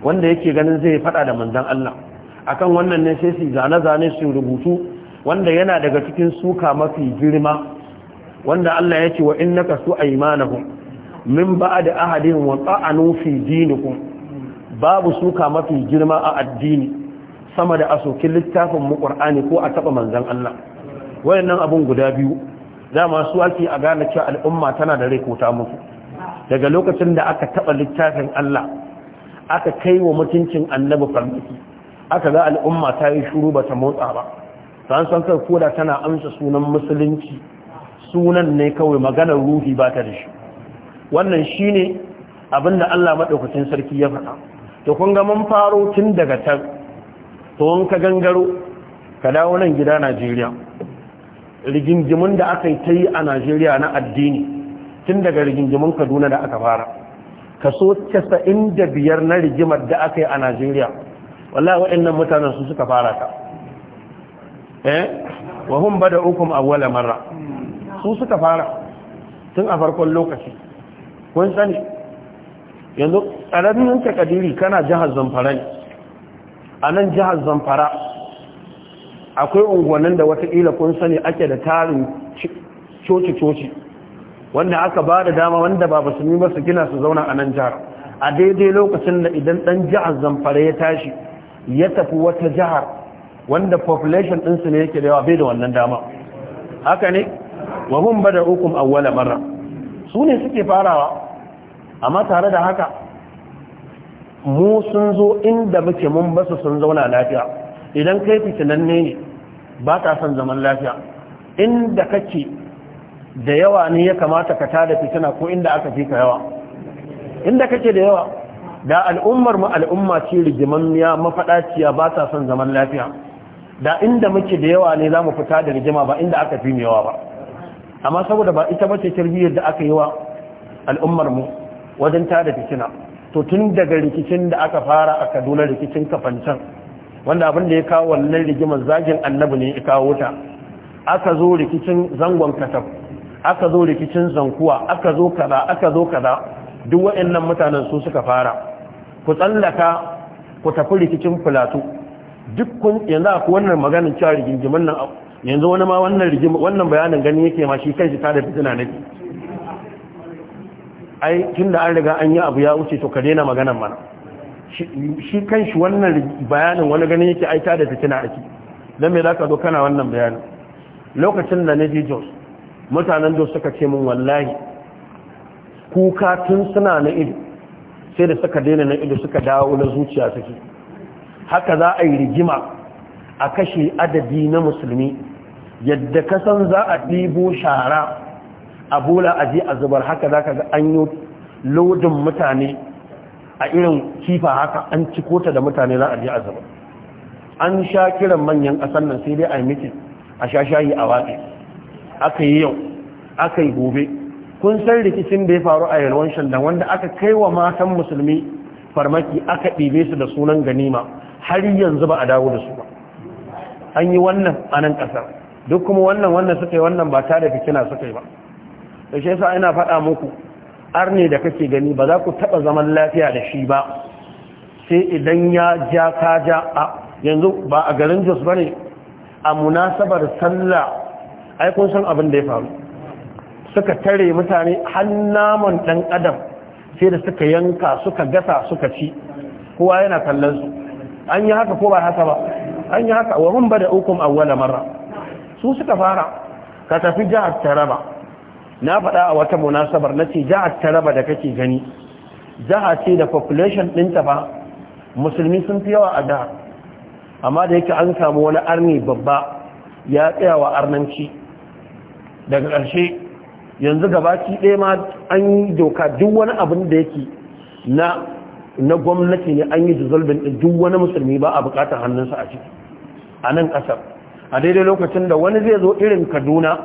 wanda yake ganin zai fada da manzon Allah akan wannan ne sai su zane zane su rubutu wanda yana daga cikin suka mafi girma wanda Allah ya ce wa innaka su aymanahum min ba'd ahadin wa ta'anu fi dinikum babu suka mafi girma a addini sama da asokin littafin mu qur'ani ko a taba manzan Allah wayannan abun guda biyu dama su ake a gane cewa al'umma tana da rai ko ta daga lokacin da aka taba littafin Allah aka kai wa mutuncin annabi farmaki aka ga al'umma ta yi shuru ba ta motsa ba san san kai koda tana amsa sunan musulunci sunan ne kawai maganar ruhi ba ta da shi wannan shine abinda Allah madaukakin sarki ya faɗa to kun ga mun faro tun daga ta. to ka gangaro ka dawo nan gida najeriya rigingimin da aka yi ta yi a najeriya na addini tun daga rigingimin kaduna da aka fara kaso 95 na rigimar da aka yi a najeriya wallahi waɗannan mutanen su suka fara ta eh wa hum bada'ukum awwala marra su suka fara tun a farkon lokaci kun sani yanzu ƙaramin takadiri kana jihar zamfara ne a nan jihar zamfara akwai unguwannin da watakila kun sani ake da tarin coci-coci wanda aka ba da dama wanda ba musulmi ba su gina su zauna a nan jihar a daidai lokacin da idan ɗan jihar zamfara ya tashi ya tafi wata jihar wanda population ɗinsu ne yake da yawa bai da wannan dama haka ne ba bada hukum awwala marra su ne suke farawa amma tare da haka mu sun zo inda muke mun basu sun zauna lafiya idan kai fitinan ne ba ta son zaman lafiya inda kake da yawa ne ya kamata ka tada fitina ko inda aka fi ka yawa inda kake da yawa da al'ummar mu al'umma ce rigimammiya mafaɗaciya ba ta son zaman lafiya da inda muke da yawa ne za mu fita da rigima ba inda aka fi yawa ba amma saboda ba ita mace tarbiyyar da aka yi wa al'ummar mu wajen tada fitina to tun daga rikicin da aka fara a kaduna rikicin kafancan wanda abin da ya kawo wannan rigimar zagin annabi ne ya kawo ta aka zo rikicin zangon katab aka zo rikicin zankuwa aka zo kaza aka zo kaza duk waɗannan mutanen su suka fara ku tsallaka ku tafi rikicin filato duk kun yanzu akwai wannan maganin cewa rigingimin nan yanzu wani ma wannan wannan bayanin gani yake ma shi kai shi ta da fitina nake tunda an riga an yi abu ya wuce to ka daina maganan mana shi kanshi wannan bayanin wani ganin yake aita da fitina ake don mai za ka zo kana wannan bayanin lokacin da na ji jos mutanen jos suka ce min wallahi kuka tun suna na ido sai da suka daina na ido suka dawo na zuciya suke haka za a yi rigima a kashe adadi na musulmi yadda kasan za a ɗibo shara a bola a je a zubar haka za ka ga an yi lodin mutane a irin kifa haka an ci ta da mutane za a je a zubar an sha kiran manyan ƙasar nan sai dai a yi mitin a sha shayi a waɗe aka yi yau aka yi gobe kun san rikicin da ya faru a yalwan shandan wanda aka kai wa matan musulmi farmaki aka ɗibe su da sunan ganima har yanzu ba a dawo da su ba an yi wannan a nan ƙasar duk kuma wannan wannan suka yi wannan ba tare da fitina suka yi ba da sa ina faɗa muku arne da kake gani ba za ku taɓa zaman lafiya da shi ba sai idan ya ja ka ja a yanzu ba a garin jos ba ne a munasabar sallah aikun san abin da ya faru suka tare mutane hannaman ɗan adam sai da suka yanka suka gasa suka ci kowa yana kallon su an yi haka ko ba haka ba an yi haka wa mun bada hukum wala mara su suka fara ka tafi jihar taraba na faɗa a wata munasabar na ce jihar taraba da kake gani jiha ce da population ɗinta ba musulmi sun fi yawa a jihar amma da yake an samu wani arni babba ya tsaya wa arnanci daga ƙarshe yanzu gabaki ɗaya ma an yi doka duk wani abin da yake na na gwamnati ne an yi dissolving ɗin duk wani musulmi ba a buƙatar hannunsa a ciki a nan ƙasar a daidai lokacin da wani zai zo irin kaduna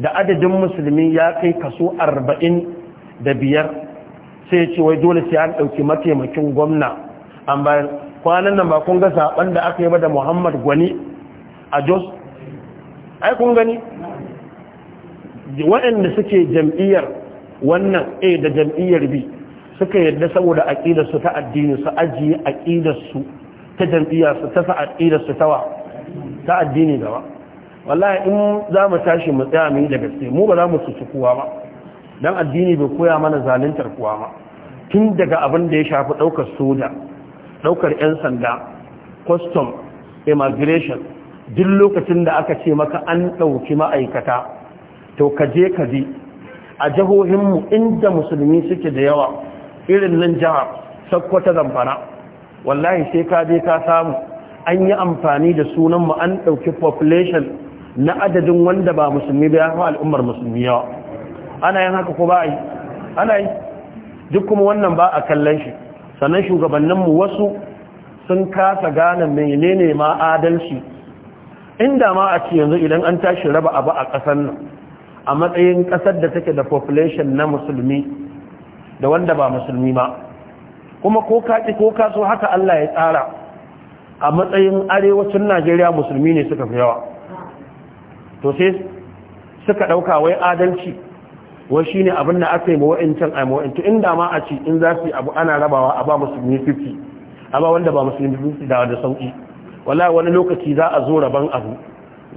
da adadin musulmi ya kai kaso arba'in da biyar sai ce wai dole sai an dauki mataimakin gwamna an bayan kwanan nan ba kun ga saɓan da aka yi ba da muhammad gwani a jos ai kun gani waɗanda suke jam'iyyar wannan a da jam'iyyar b suka yadda saboda aƙidarsu ta addini su ajiye aƙidarsu ta jam'iyyarsu ta sa'aƙidarsu ta wa ta addini gaba wallahi in za mu tashi mu tsaya mu yi da gaske mu ba za mu su kuwa ba dan addini bai koya mana zaluntar kuwa ba tun daga abin da ya shafi ɗaukar soja ɗaukar yan sanda custom immigration duk lokacin da aka ce maka an ɗauki ma'aikata to ka je ka je a jihohinmu inda musulmi suke da yawa irin nan jihar sakkwata zamfara wallahi sai ka je ka samu an yi amfani da sunanmu an ɗauki population na adadin wanda ba musulmi ba ya fi al'ummar musulmi yawa ana yin haka ko ba yi ana yi duk kuma wannan ba a kallon shi sannan shugabanninmu wasu sun kasa gane menene ma adalci inda ma a ce yanzu idan an tashi raba abu a ƙasar nan a matsayin ƙasar da take da population na musulmi da wanda ba musulmi ba kuma ko kaƙi ko kaso haka Allah ya tsara a matsayin arewacin Najeriya musulmi ne suka fi yawa to sai suka ɗauka wai adalci wai shi ne abin da aka yi wa'incin a wa'incin inda ma a ci in za su yi abu ana rabawa a ba musulmi 50 a ba wanda ba musulmi 50 da wanda sauki wala wani lokaci za a zo raban abu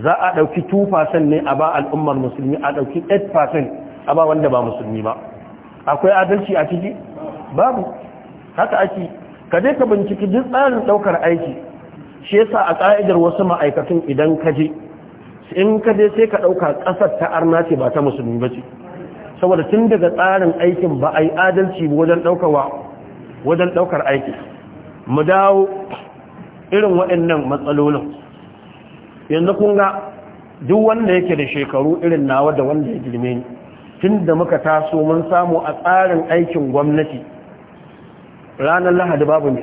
za a ɗauki 2% ne a ba al'ummar musulmi a ɗauki 8% a ba wanda ba musulmi ba akwai adalci a ciki babu haka ake ka je ka binciki duk tsarin ɗaukar aiki shi yasa a ƙa'idar wasu ma'aikatan idan ka je in ka je sai ka ɗauka ƙasar ta arna ce ba ta musulmi ba ce saboda tun daga tsarin aikin ba a yi adalci wajen ɗaukar aiki mu dawo irin waɗannan matsalolin yanzu kun ga duk wanda yake da shekaru irin nawa da wanda ya girme ni tun da muka taso mun samu a tsarin aikin gwamnati ranar lahadi babu ne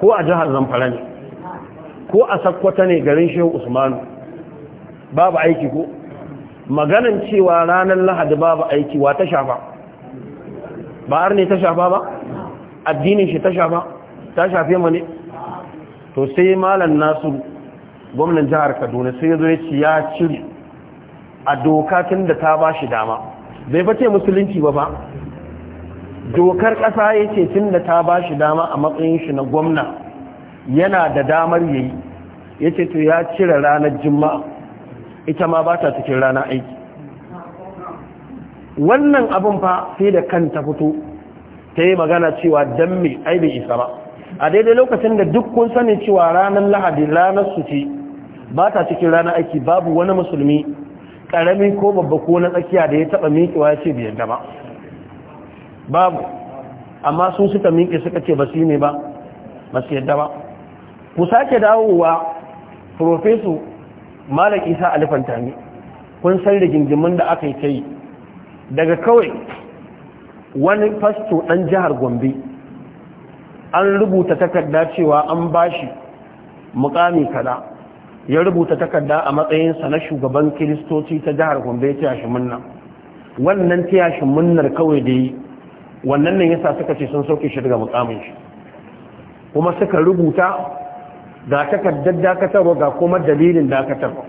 ko a jihar zamfara ne ko a sakkwata ne garin shehu usmanu babu aiki ko maganan cewa ranar lahadi babu aiki wa ta shafa ba har ne ta shafa ba addinin shi ta shafa ta shafe mu ne to sai malam nasu gwamnan jihar kaduna sai ya zo ya ci ya cire a doka tun da ta ba shi dama bai bace musulunci ba ba dokar ƙasa ya ce tun da ta ba shi dama a matsayin shi na gwamna yana da damar yayi yace to ya cire ranar juma'a ita ma ba ta cikin rana aiki wannan abin fa sai da kanta fito ta yi magana cewa don me ai bai isa ba a daidai lokacin da duk kun sani cewa ranar lahadi ranar su ce ba ta cikin ranar aiki babu wani musulmi karami ko babba ko na tsakiya da ya taba miƙewa ya ce bai yadda ba babu amma sun suka miƙe suka ce ba su ne ba ba su yadda ba ku sake dawowa profeso malam isa alifantami kun san da jinjimin da aka yi ta yi daga kawai wani fasto ɗan jihar gombe an rubuta takarda cewa an bashi mukami kada ya rubuta takarda a matsayinsa na shugaban kiristoci ta jihar gombe ta yashi munna wannan ta yashi munnar kawai da yi wannan ne yasa suka ce sun sauke shi daga mukamin shi kuma suka rubuta ga takardar dakatarwa ga kuma dalilin dakatarwa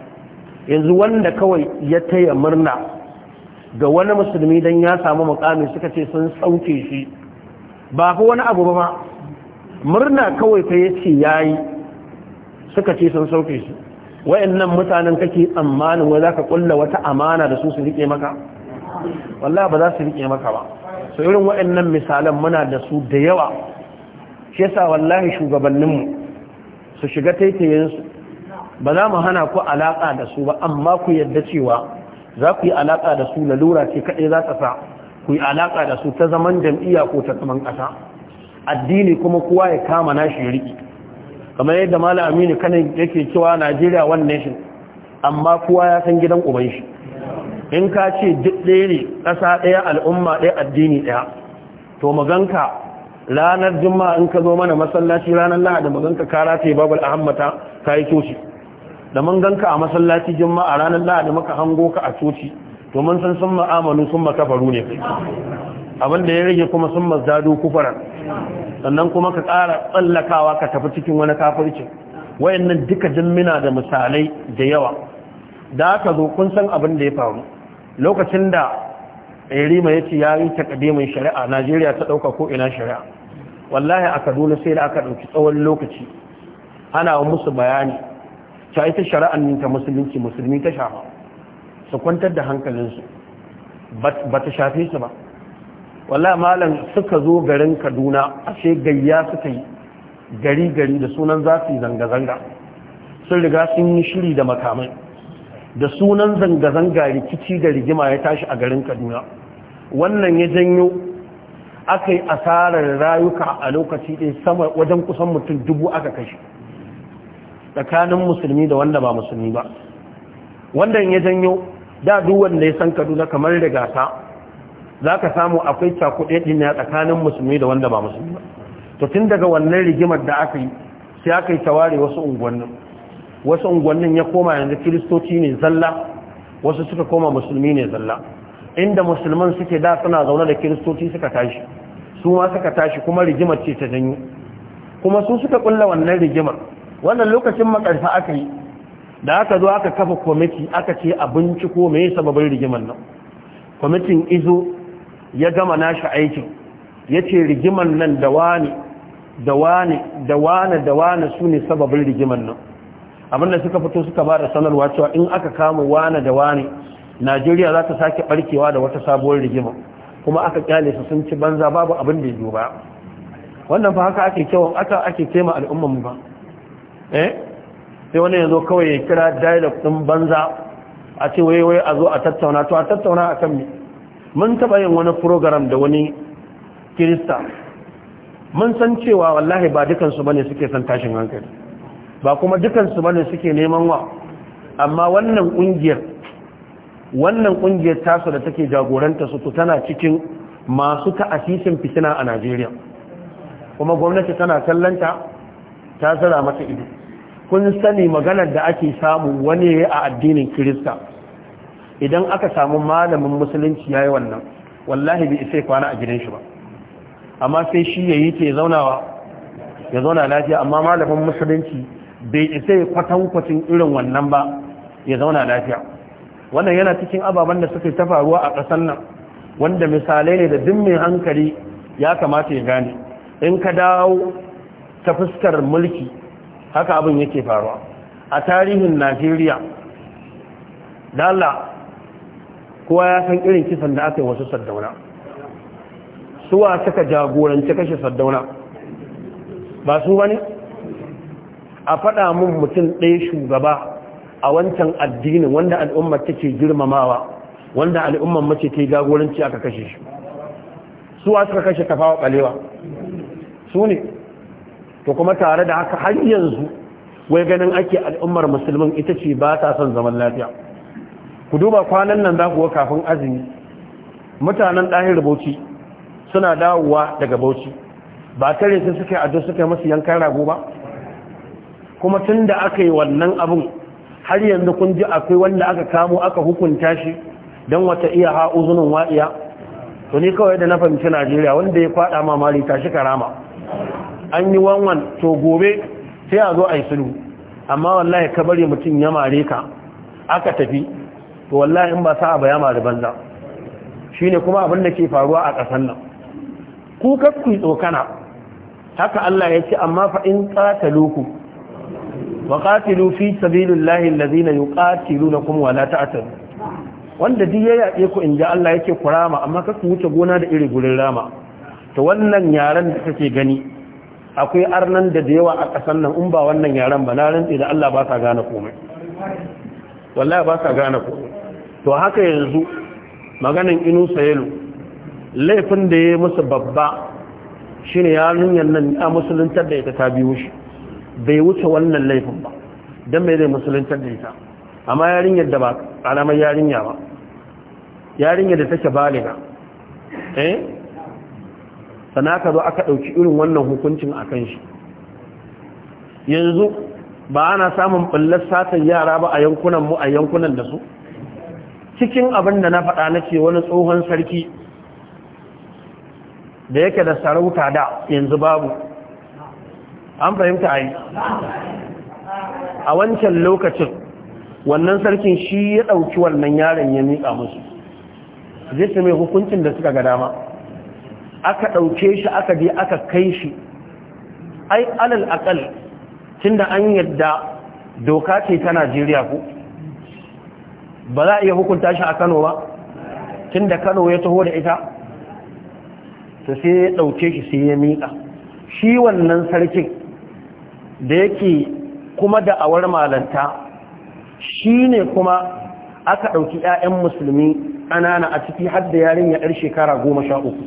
yanzu wanda kawai ya taya murna ga wani musulmi don ya samu mukami suka ce sun sauke shi ba fa wani abu ba murna kawai fa ya ce ya yi suka ce sun sauke shi wayannan mutanen kake tsammanin wai za ka kulla wata amana da su su rike maka wallahi ba za su rike maka ba so irin wa'annan misalan muna da su da yawa shi yasa wallahi shugabanninmu su shiga taitayensu ba za mu hana ku alaƙa da su ba amma ku yadda cewa za ku yi alaƙa da su lalura ce kaɗai za ta sa ku yi alaƙa da su ta zaman jam'iyya ko ta zaman ƙasa addini kuma kowa ya kama nashi ya riƙi kamar yadda mala aminu kanin yake cewa najeriya one nation amma kowa ya san gidan uban shi in ka ce duk ɗaya ne ƙasa ɗaya al'umma ɗaya addini ɗaya to mu maganka ranar juma'a in ka zo mana masallaci ranar lahadi mu ganka ka rataye babal ahammata ka yi coci da mun a masallaci juma'a ranar lahadi maka hango ka a coci to mun san sun ma'amalu sun makafaru ne abin da ya rage kuma sun mazdado kufara sannan kuma ka kara tsallakawa ka tafi cikin wani kafirci wayannan duka jimmina da misalai da yawa da aka zo kun san abin da ya faru lokacin da rima ya ce ya yi takadimin shari'a najeriya ta ɗauka ko ina shari'a wallahi a kaduna sai da aka ɗauki tsawon lokaci ana musu bayani ta ita ne ta musulunci musulmi ta shafa su kwantar da hankalinsu ba ta shafe su ba wallahi malam suka zo garin kaduna ashe gayya suka yi gari gari da sunan za su yi zanga-zanga sun riga sun yi shiri da makamai da sunan zanga-zanga rikici da rigima ya tashi a garin kaduna wannan ya janyo aka yi asarar rayuka a lokaci ɗin sama wajen kusan mutum dubu aka kashe tsakanin musulmi da wanda ba musulmi ba wannan ya janyo da wanda ya san kaduna kamar da gasa za ka samu akwai cakuɗe ɗin ya tsakanin musulmi da wanda ba musulmi ba to tun daga wannan rigimar da aka yi sai aka yi tawari wasu unguwannin wasu unguwannin ya koma yanzu kiristoci ne zalla wasu suka koma musulmi ne zalla inda musulman suke da suna zaune da kiristoci suka tashi su ma suka tashi kuma rigimar ce ta janyo kuma su suka kulla wannan rigimar wannan lokacin makarfa aka yi da aka zo aka kafa kwamiti aka ce a binciko me ya sababin rigimar nan kwamitin izo ya gama nashi aikin ya ce rigimar nan da wane da wane da wane da wane su ne sababin rigimar nan abinda suka fito suka ba da sanarwa cewa in aka kama wane da wane najeriya za ta sake barkewa da wata sabuwar rigima kuma aka kyale su sun ci banza babu abin da ya duba. wannan fa haka ake kyawun aka ake tema al'umman mu ba eh sai wani yanzu kawai ya kira dialogue din banza a ce waye waye a zo a tattauna to a tattauna akan me mun taba yin wani program da wani kirista mun san cewa wallahi ba dukansu bane suke son tashin hankali ba kuma dukansu bane suke neman wa amma wannan ƙungiyar wannan kungiyar tasu da take jagoranta su tana cikin masu ta'asisin fitina a najeriya kuma gwamnati tana kallanta ta zara mata ido kun sani maganar da ake samu wani a addinin kirista idan aka samu malamin musulunci ya yi wannan wallahi bai sai kwana a gidan shi ba amma sai shi yayi yi ta ya zauna lafiya amma malamin musulunci bai isa ya kwatankwacin irin wannan ba ya zauna lafiya wannan yana cikin ababen da suka ta faruwa a ƙasar nan wanda misalai ne da duk mai hankali ya kamata ya gane in ka dawo ta fuskar mulki haka abin yake faruwa a tarihin najeriya dala kowa ya san irin kisan da aka yi wasu saddauna suwa suka jagoranci kashe saddauna ba su ba a faɗa mun mutum ɗaya shugaba a wancan addinin wanda al'ummar take girmamawa wanda al'ummar mace ta yi jagoranci aka kashe shi su a ka kashe tafawa ɓalewa su ne to kuma tare da haka har yanzu wai ganin ake al'ummar musulmin ita ce ba ta son zaman lafiya ku duba kwanan nan za kuwa kafin azumi mutanen ɗahir bauchi suna dawowa daga bauchi ba tare sun suke yi suka masu yankan rago ba kuma tun da aka yi wannan abin har yanzu kun ji akwai wanda aka kamo aka hukunta shi don wata iya ha'u zunin wa'iya to ni kawai da na fahimci najeriya wanda ya kwada mamari ta shi karama an yi wanwan to gobe sai a zo a yi sulu amma wallahi ka bari mutum ya mare ka aka tafi to wallahi in ba sa a ya mare banza ne kuma abin da ke faruwa a ƙasar nan ku kakku tsokana haka Allah ya ce amma fa in qataluku wa qatilu na sabilillahi alladhina yuqatilunakum wa la wanda duk ya yaƙe ku in ji Allah yake ku rama amma ka su wuce gona da iri gurin rama to wannan yaran da kake gani akwai arnan da da yawa a ƙasar nan in ba wannan yaran ba na rantsi da Allah ba sa gane komai wallahi ba sa gane komai to haka yanzu maganin inu sayelu laifin da ya yi musu babba shine yarin nan a musuluntar da ita ta biyo shi bai wuce wannan laifin ba don mai zai musuluntar da ita amma yarinyar da ba ƙaramar yarinya ba yarinyar da take balina eh sana ka zo aka ɗauki irin wannan hukuncin a kan shi yanzu ba ana samun ɓullar satan yara ba a yankunan mu a yankunan da su cikin abin da na faɗa na ce wani tsohon sarki da yake da sarauta da yanzu babu an fahimta a yi a wancan lokacin wannan sarkin shi ya ɗauki wannan yaron ya miƙa musu zai su mai hukuncin da suka ga dama aka ɗauke shi aka je aka kai shi ai alal akal tunda an yadda doka ce ta najeriya ku ba za a iya hukunta shi a kano ba tunda kano ya taho da ita sai ya ɗauke shi sai ya miƙa shi wannan sarkin da yake kuma da awar malanta ne kuma aka ɗauki 'ya'yan musulmi ƙanana a ciki har da yarinya 'yar shekara goma sha uku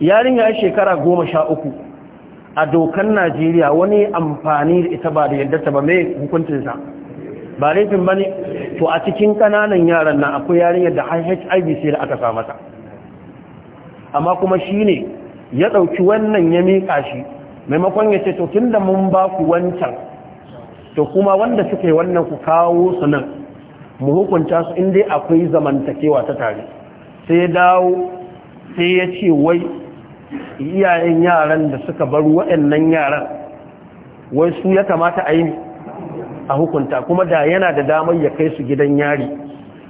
yarinya 'yar shekara goma sha uku a dokan najeriya wani amfani da ita ba da yadda ta ba mai hukuntinsa ba laifin ba ne to a cikin ƙananan yaran nan akwai yarinyar da hiv sai da aka samata. amma kuma shi ne ya ɗauki wannan ya miƙa shi maimakon ya ce to tun da mun ba ku wancan to kuma wanda suke wannan ku kawo su nan mu hukunta su in dai akwai zamantakewa ta tare sai ya dawo sai ya ce wai iyayen yaran da suka bar waɗannan yaran wai su ya kamata a yi a hukunta kuma da yana da damar ya kai su gidan yari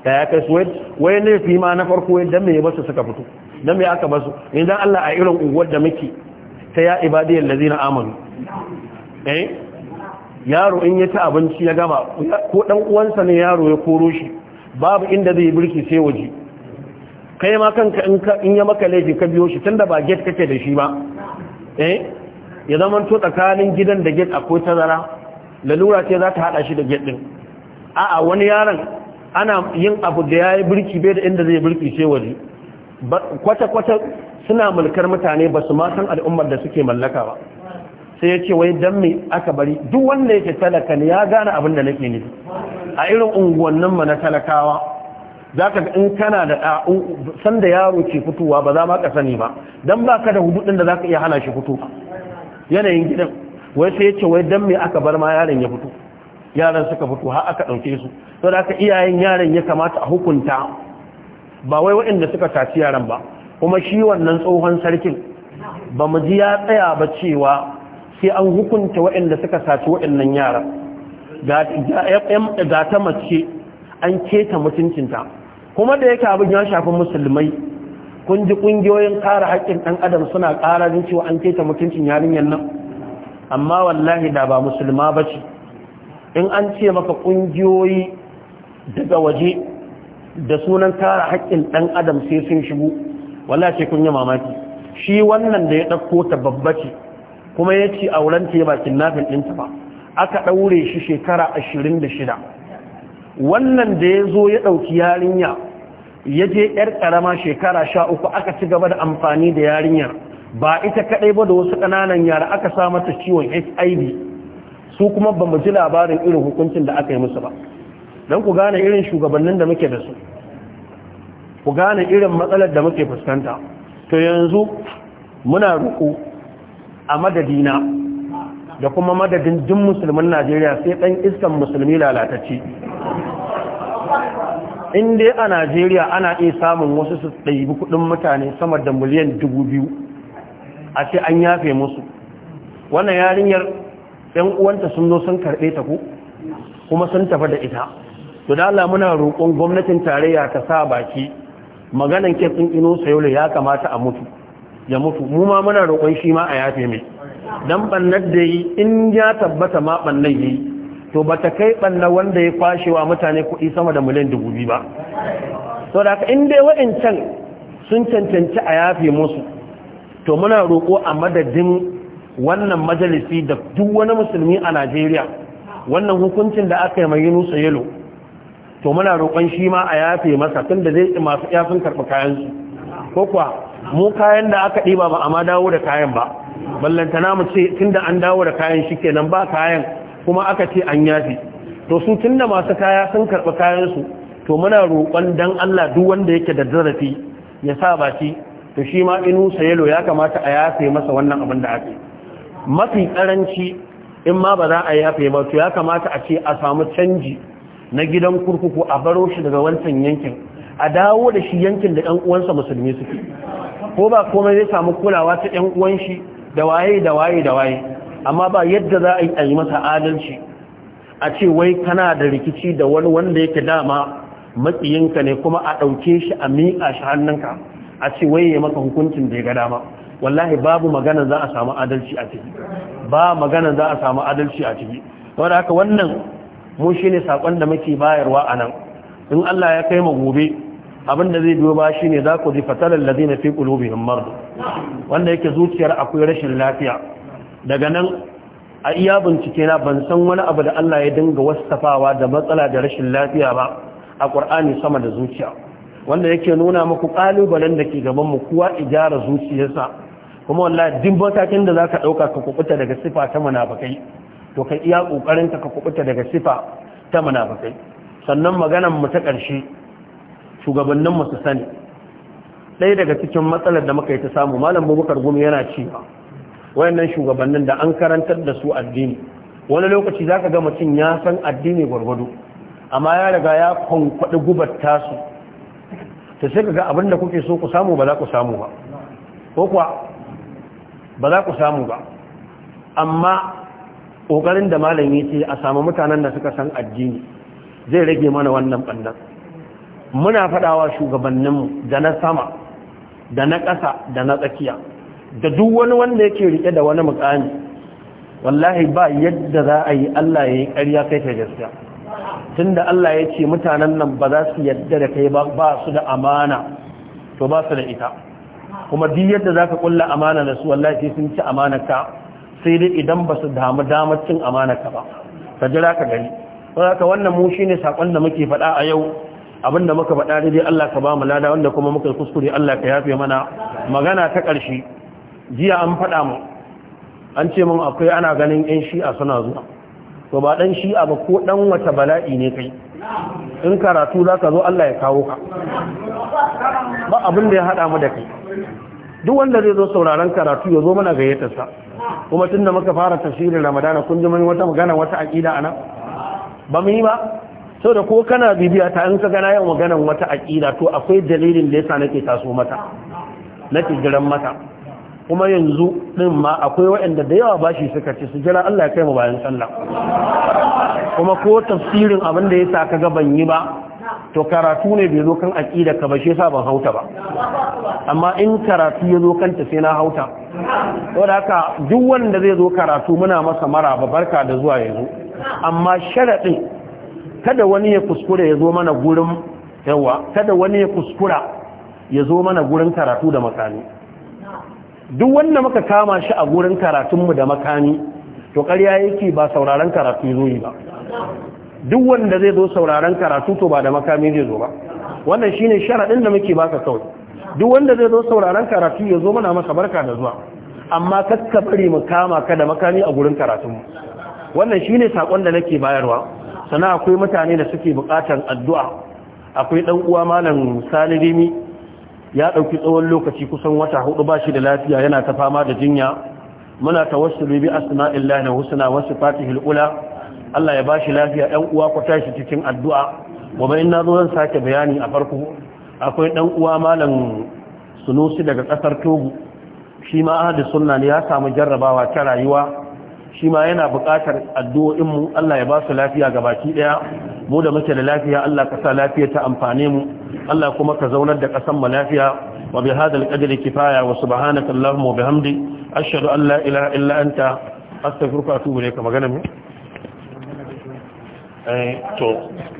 da ya kai su wai ne fi ma na farko yadda mai basu suka fito don mai aka basu idan Allah a irin unguwar da muke ta ya ibadiyar zina amanu eh yaro in ya ta abinci ya gama ko dan uwansa ne yaro ya koro shi babu inda zai birki sai waje kai ma kanka in ya maka laifin ka biyo shi da ba gate kake da shi ba eh ya zama to tsakanin gidan da gate akwai tazara lalura ce za ta hada shi da gate din a'a wani yaron ana yin abu da ya yi birki bai da inda zai birki sai waje kwata kwata suna mulkar mutane ba su ma san al'ummar da suke mallaka ba sai ya ce wai dan me aka bari duk wanda yake talaka ne ya gane abin da nake ne a irin unguwannin mu na talakawa zaka in kana da da san da yaro ke fitowa ba za ma ka sani ba dan baka da ɗin da zaka iya hana shi fito yanayin gidan wai sai ya ce wai dan me aka bar ma yaron ya fito yaran suka fito har aka ɗauke su saboda da aka iyayen yaron ya kamata a hukunta ba wai waɗanda suka tafi yaran ba kuma shi wannan tsohon sarkin ba mu ji ya tsaya ba cewa sai an hukunta waɗanda suka saci waɗannan yara ga ta mace an keta mutuncinta kuma da yake abin ya shafi musulmai kun ji ƙungiyoyin ƙara haƙƙin ɗan adam suna ƙara jin cewa an keta mutuncin yarinyar nan amma wallahi da ba musulma ba ce in an ce maka ƙungiyoyi daga waje da sunan ƙara haƙƙin ɗan adam sai sun shigo wala sai kun yi mamaki shi wannan da ya dauko ta babba ce kuma ya ce auren ta ba kinnafin ɗinta ba aka ɗaure shi shekara ashirin da shida wannan da ya zo ya ɗauki yarinya ya je ‘yar karama shekara sha uku aka ci gaba da amfani da yarinyar ba ita kaɗai ba da wasu ƙananan yara aka sa mata ciwon hiv su kuma ba mu ji labarin irin hukuncin da aka yi musu ba don ku gane irin shugabannin da muke da su ku gane irin matsalar da muke fuskanta to yanzu muna ruku a madadina da kuma madadin jin musulmin najeriya sai ɗan iskan musulmi lalatacci in dai a najeriya ana iya samun wasu su ɗaibi kuɗin mutane sama da miliyan dubu biyu a ce an yafe musu wannan yarinyar ɗan uwanta sun zo sun karɓe ta ku kuma sun tafi da ita to muna roƙon gwamnatin tarayya ta sa baki maganan ke ɗin ino sayole ya kamata a mutu ya mutu mu ma muna roƙon shi ma a yafe mai dan ɓannar da yi in ya tabbata ma bannar yi to bata kai banna wanda ya kwashe wa mutane kuɗi sama da miliyan dubu biyu ba to da in dai wa'ancan sun cancanci a yafe musu to muna roƙo a madadin wannan majalisi da duk wani musulmi a najeriya wannan hukuncin da aka yi mai nusa yalo to muna roƙon shi ma a yafe masa tun da zai ci masu yafin karɓi kayan ko kuwa mu kayan da aka ɗiba ba a ma dawo da kayan ba na mu ce tun da an dawo da kayan shi kenan ba kayan kuma aka ce an yafe to su tun da masu kaya sun karɓi kayansu, su to muna roƙon dan Allah duk wanda yake da zarafi ya sa ba shi to shi ma inu sayelo ya kamata a yafe masa wannan abin da ake mafi karanci in ma ba za a yafe ba to ya kamata a ce a samu canji na gidan kurkuku a baro shi daga wancan yankin a dawo da shi yankin da 'yan uwansa musulmi suke ko ba komai zai samu kulawa ta 'yan uwan shi da waye da waye da waye amma ba yadda za a yi masa adalci a ce wai kana da rikici da wani wanda yake dama matsiyinka ne kuma a ɗauke shi a miƙa shi hannunka a ce wai ya maka hukuncin da ya ga dama wallahi babu magana za a samu adalci a ciki ba magana za a samu adalci a ciki wadda haka wannan mu ne sakon da muke bayarwa a nan. in Allah ya kai mu gobe abin da zai biyo ba ne za ku ji fatalan ladina fi qulubihim marad wanda yake zuciyar akwai rashin lafiya daga nan a iya bincike na ban san wani abu da Allah ya dinga tafawa da matsala da rashin lafiya ba a ƙur'ani sama da zuciya wanda yake nuna muku kalubalen da ke gaban mu kuwa ijara zuciyarsa kuma wallahi duk matakin da zaka ɗauka ka kubuta daga sifa ta munafikai to ka iya kokarin ka kubuta daga sifa ta munafikai sannan maganar mu ta karshe shugabannin mu su sani ɗaya daga cikin matsalar da muka yi ta samu malam Bubakar Gumi yana cewa wayannan shugabannin da an karantar da su addini wani lokaci zaka ga mutum ya san addini gwargwado amma ya riga ya kwankwadi gubar tasu ta sai ka ga da kuke so ku samu ba za ku samu ba ko kuwa ba za ku samu ba amma ƙoƙarin da malami ce a samu mutanen da suka san addini zai rage mana wannan ɓannan muna faɗawa shugabanninmu da na sama da na ƙasa da na tsakiya da duk wani wanda yake riƙe da wani mukami wallahi ba yadda za a yi Allah ya yi ƙarya kai ta gaskiya tunda Allah ya ce mutanen nan ba za su yadda da kai ba ba su da amana to ba su da ita kuma duk yadda za ka ƙulla amana da su wallahi sun ci ka. sai dai idan ba su damu damar cin amana ka ba ka jira ka gani ka wannan mu shi ne saƙon da muke faɗa a yau abinda muka faɗa daidai Allah ka ba mu lada wanda kuma muka kuskure Allah ka yafe mana magana ta ƙarshe jiya an faɗa mu an ce mun akwai ana ganin ɗan shi'a suna zuwa to ba ɗan shi'a ba ko ɗan wata bala'i ne kai in karatu za ka zo Allah ya kawo ka ba abin da ya haɗa mu da kai duk wanda zai zo sauraron karatu ya zo mana gayyatarsa kuma tun da muka fara tafsirin ramadana kun ji mun wata magana wata aqida anan ba mu yi ba sau da ko kana bibiya ta in ka gana yin maganan wata aqida to akwai dalilin da yasa nake taso mata nake jiran mata kuma yanzu ɗin ma akwai waɗanda da yawa bashi suka ce su jira Allah ya kai mu bayan sallah kuma ko tafsirin abin da yasa kaga ban yi ba to karatu ne bai zo kan aƙida ka ba shi yasa ban hauta ba amma in karatu ya zo kanta sai na hauta to da haka duk wanda zai zo karatu muna masa mara ba barka da zuwa ya zo amma sharaɗin kada wani ya kuskura ya zo mana gurin yawa kada wani ya kuskura ya zo mana gurin karatu da makani duk wanda muka kama shi a gurin karatunmu da makani to ƙarya yake ba sauraron karatu zo yi ba duk wanda zai zo sauraron karatu to ba da makami zai zo ba wannan shine sharadin da muke baka kawai duk wanda zai zo sauraron karatu ya zo muna masa barka da zuwa amma kakka bari mu kama ka da makami a gurin karatun mu wannan shine sakon da nake bayarwa sana akwai mutane da suke bukatan addu'a akwai dan uwa malam Salimi ya dauki tsawon lokaci kusan wata hudu shi da lafiya yana ta fama da jinya muna tawassuli bi asma'illahi wa husna wa sifatihi alula Allah ya bashi lafiya ɗan uwa ku tashi cikin addu'a gobe in zo zan sake bayani a farko akwai ɗan uwa malam sunusi daga ƙasar togu shi ma ahadu ne ya samu jarrabawa ta rayuwa shi ma yana buƙatar addu'o'in mu Allah ya ba su lafiya ga baki ɗaya mu da muke da lafiya Allah ka sa lafiya ta amfane mu Allah kuma ka zaunar da ƙasar mu lafiya wa bi hadal qadri kifaya wa subhanaka allahumma wa bihamdi ashhadu an la ilaha illa anta astaghfiruka wa atubu ilayka magana mu Eh, to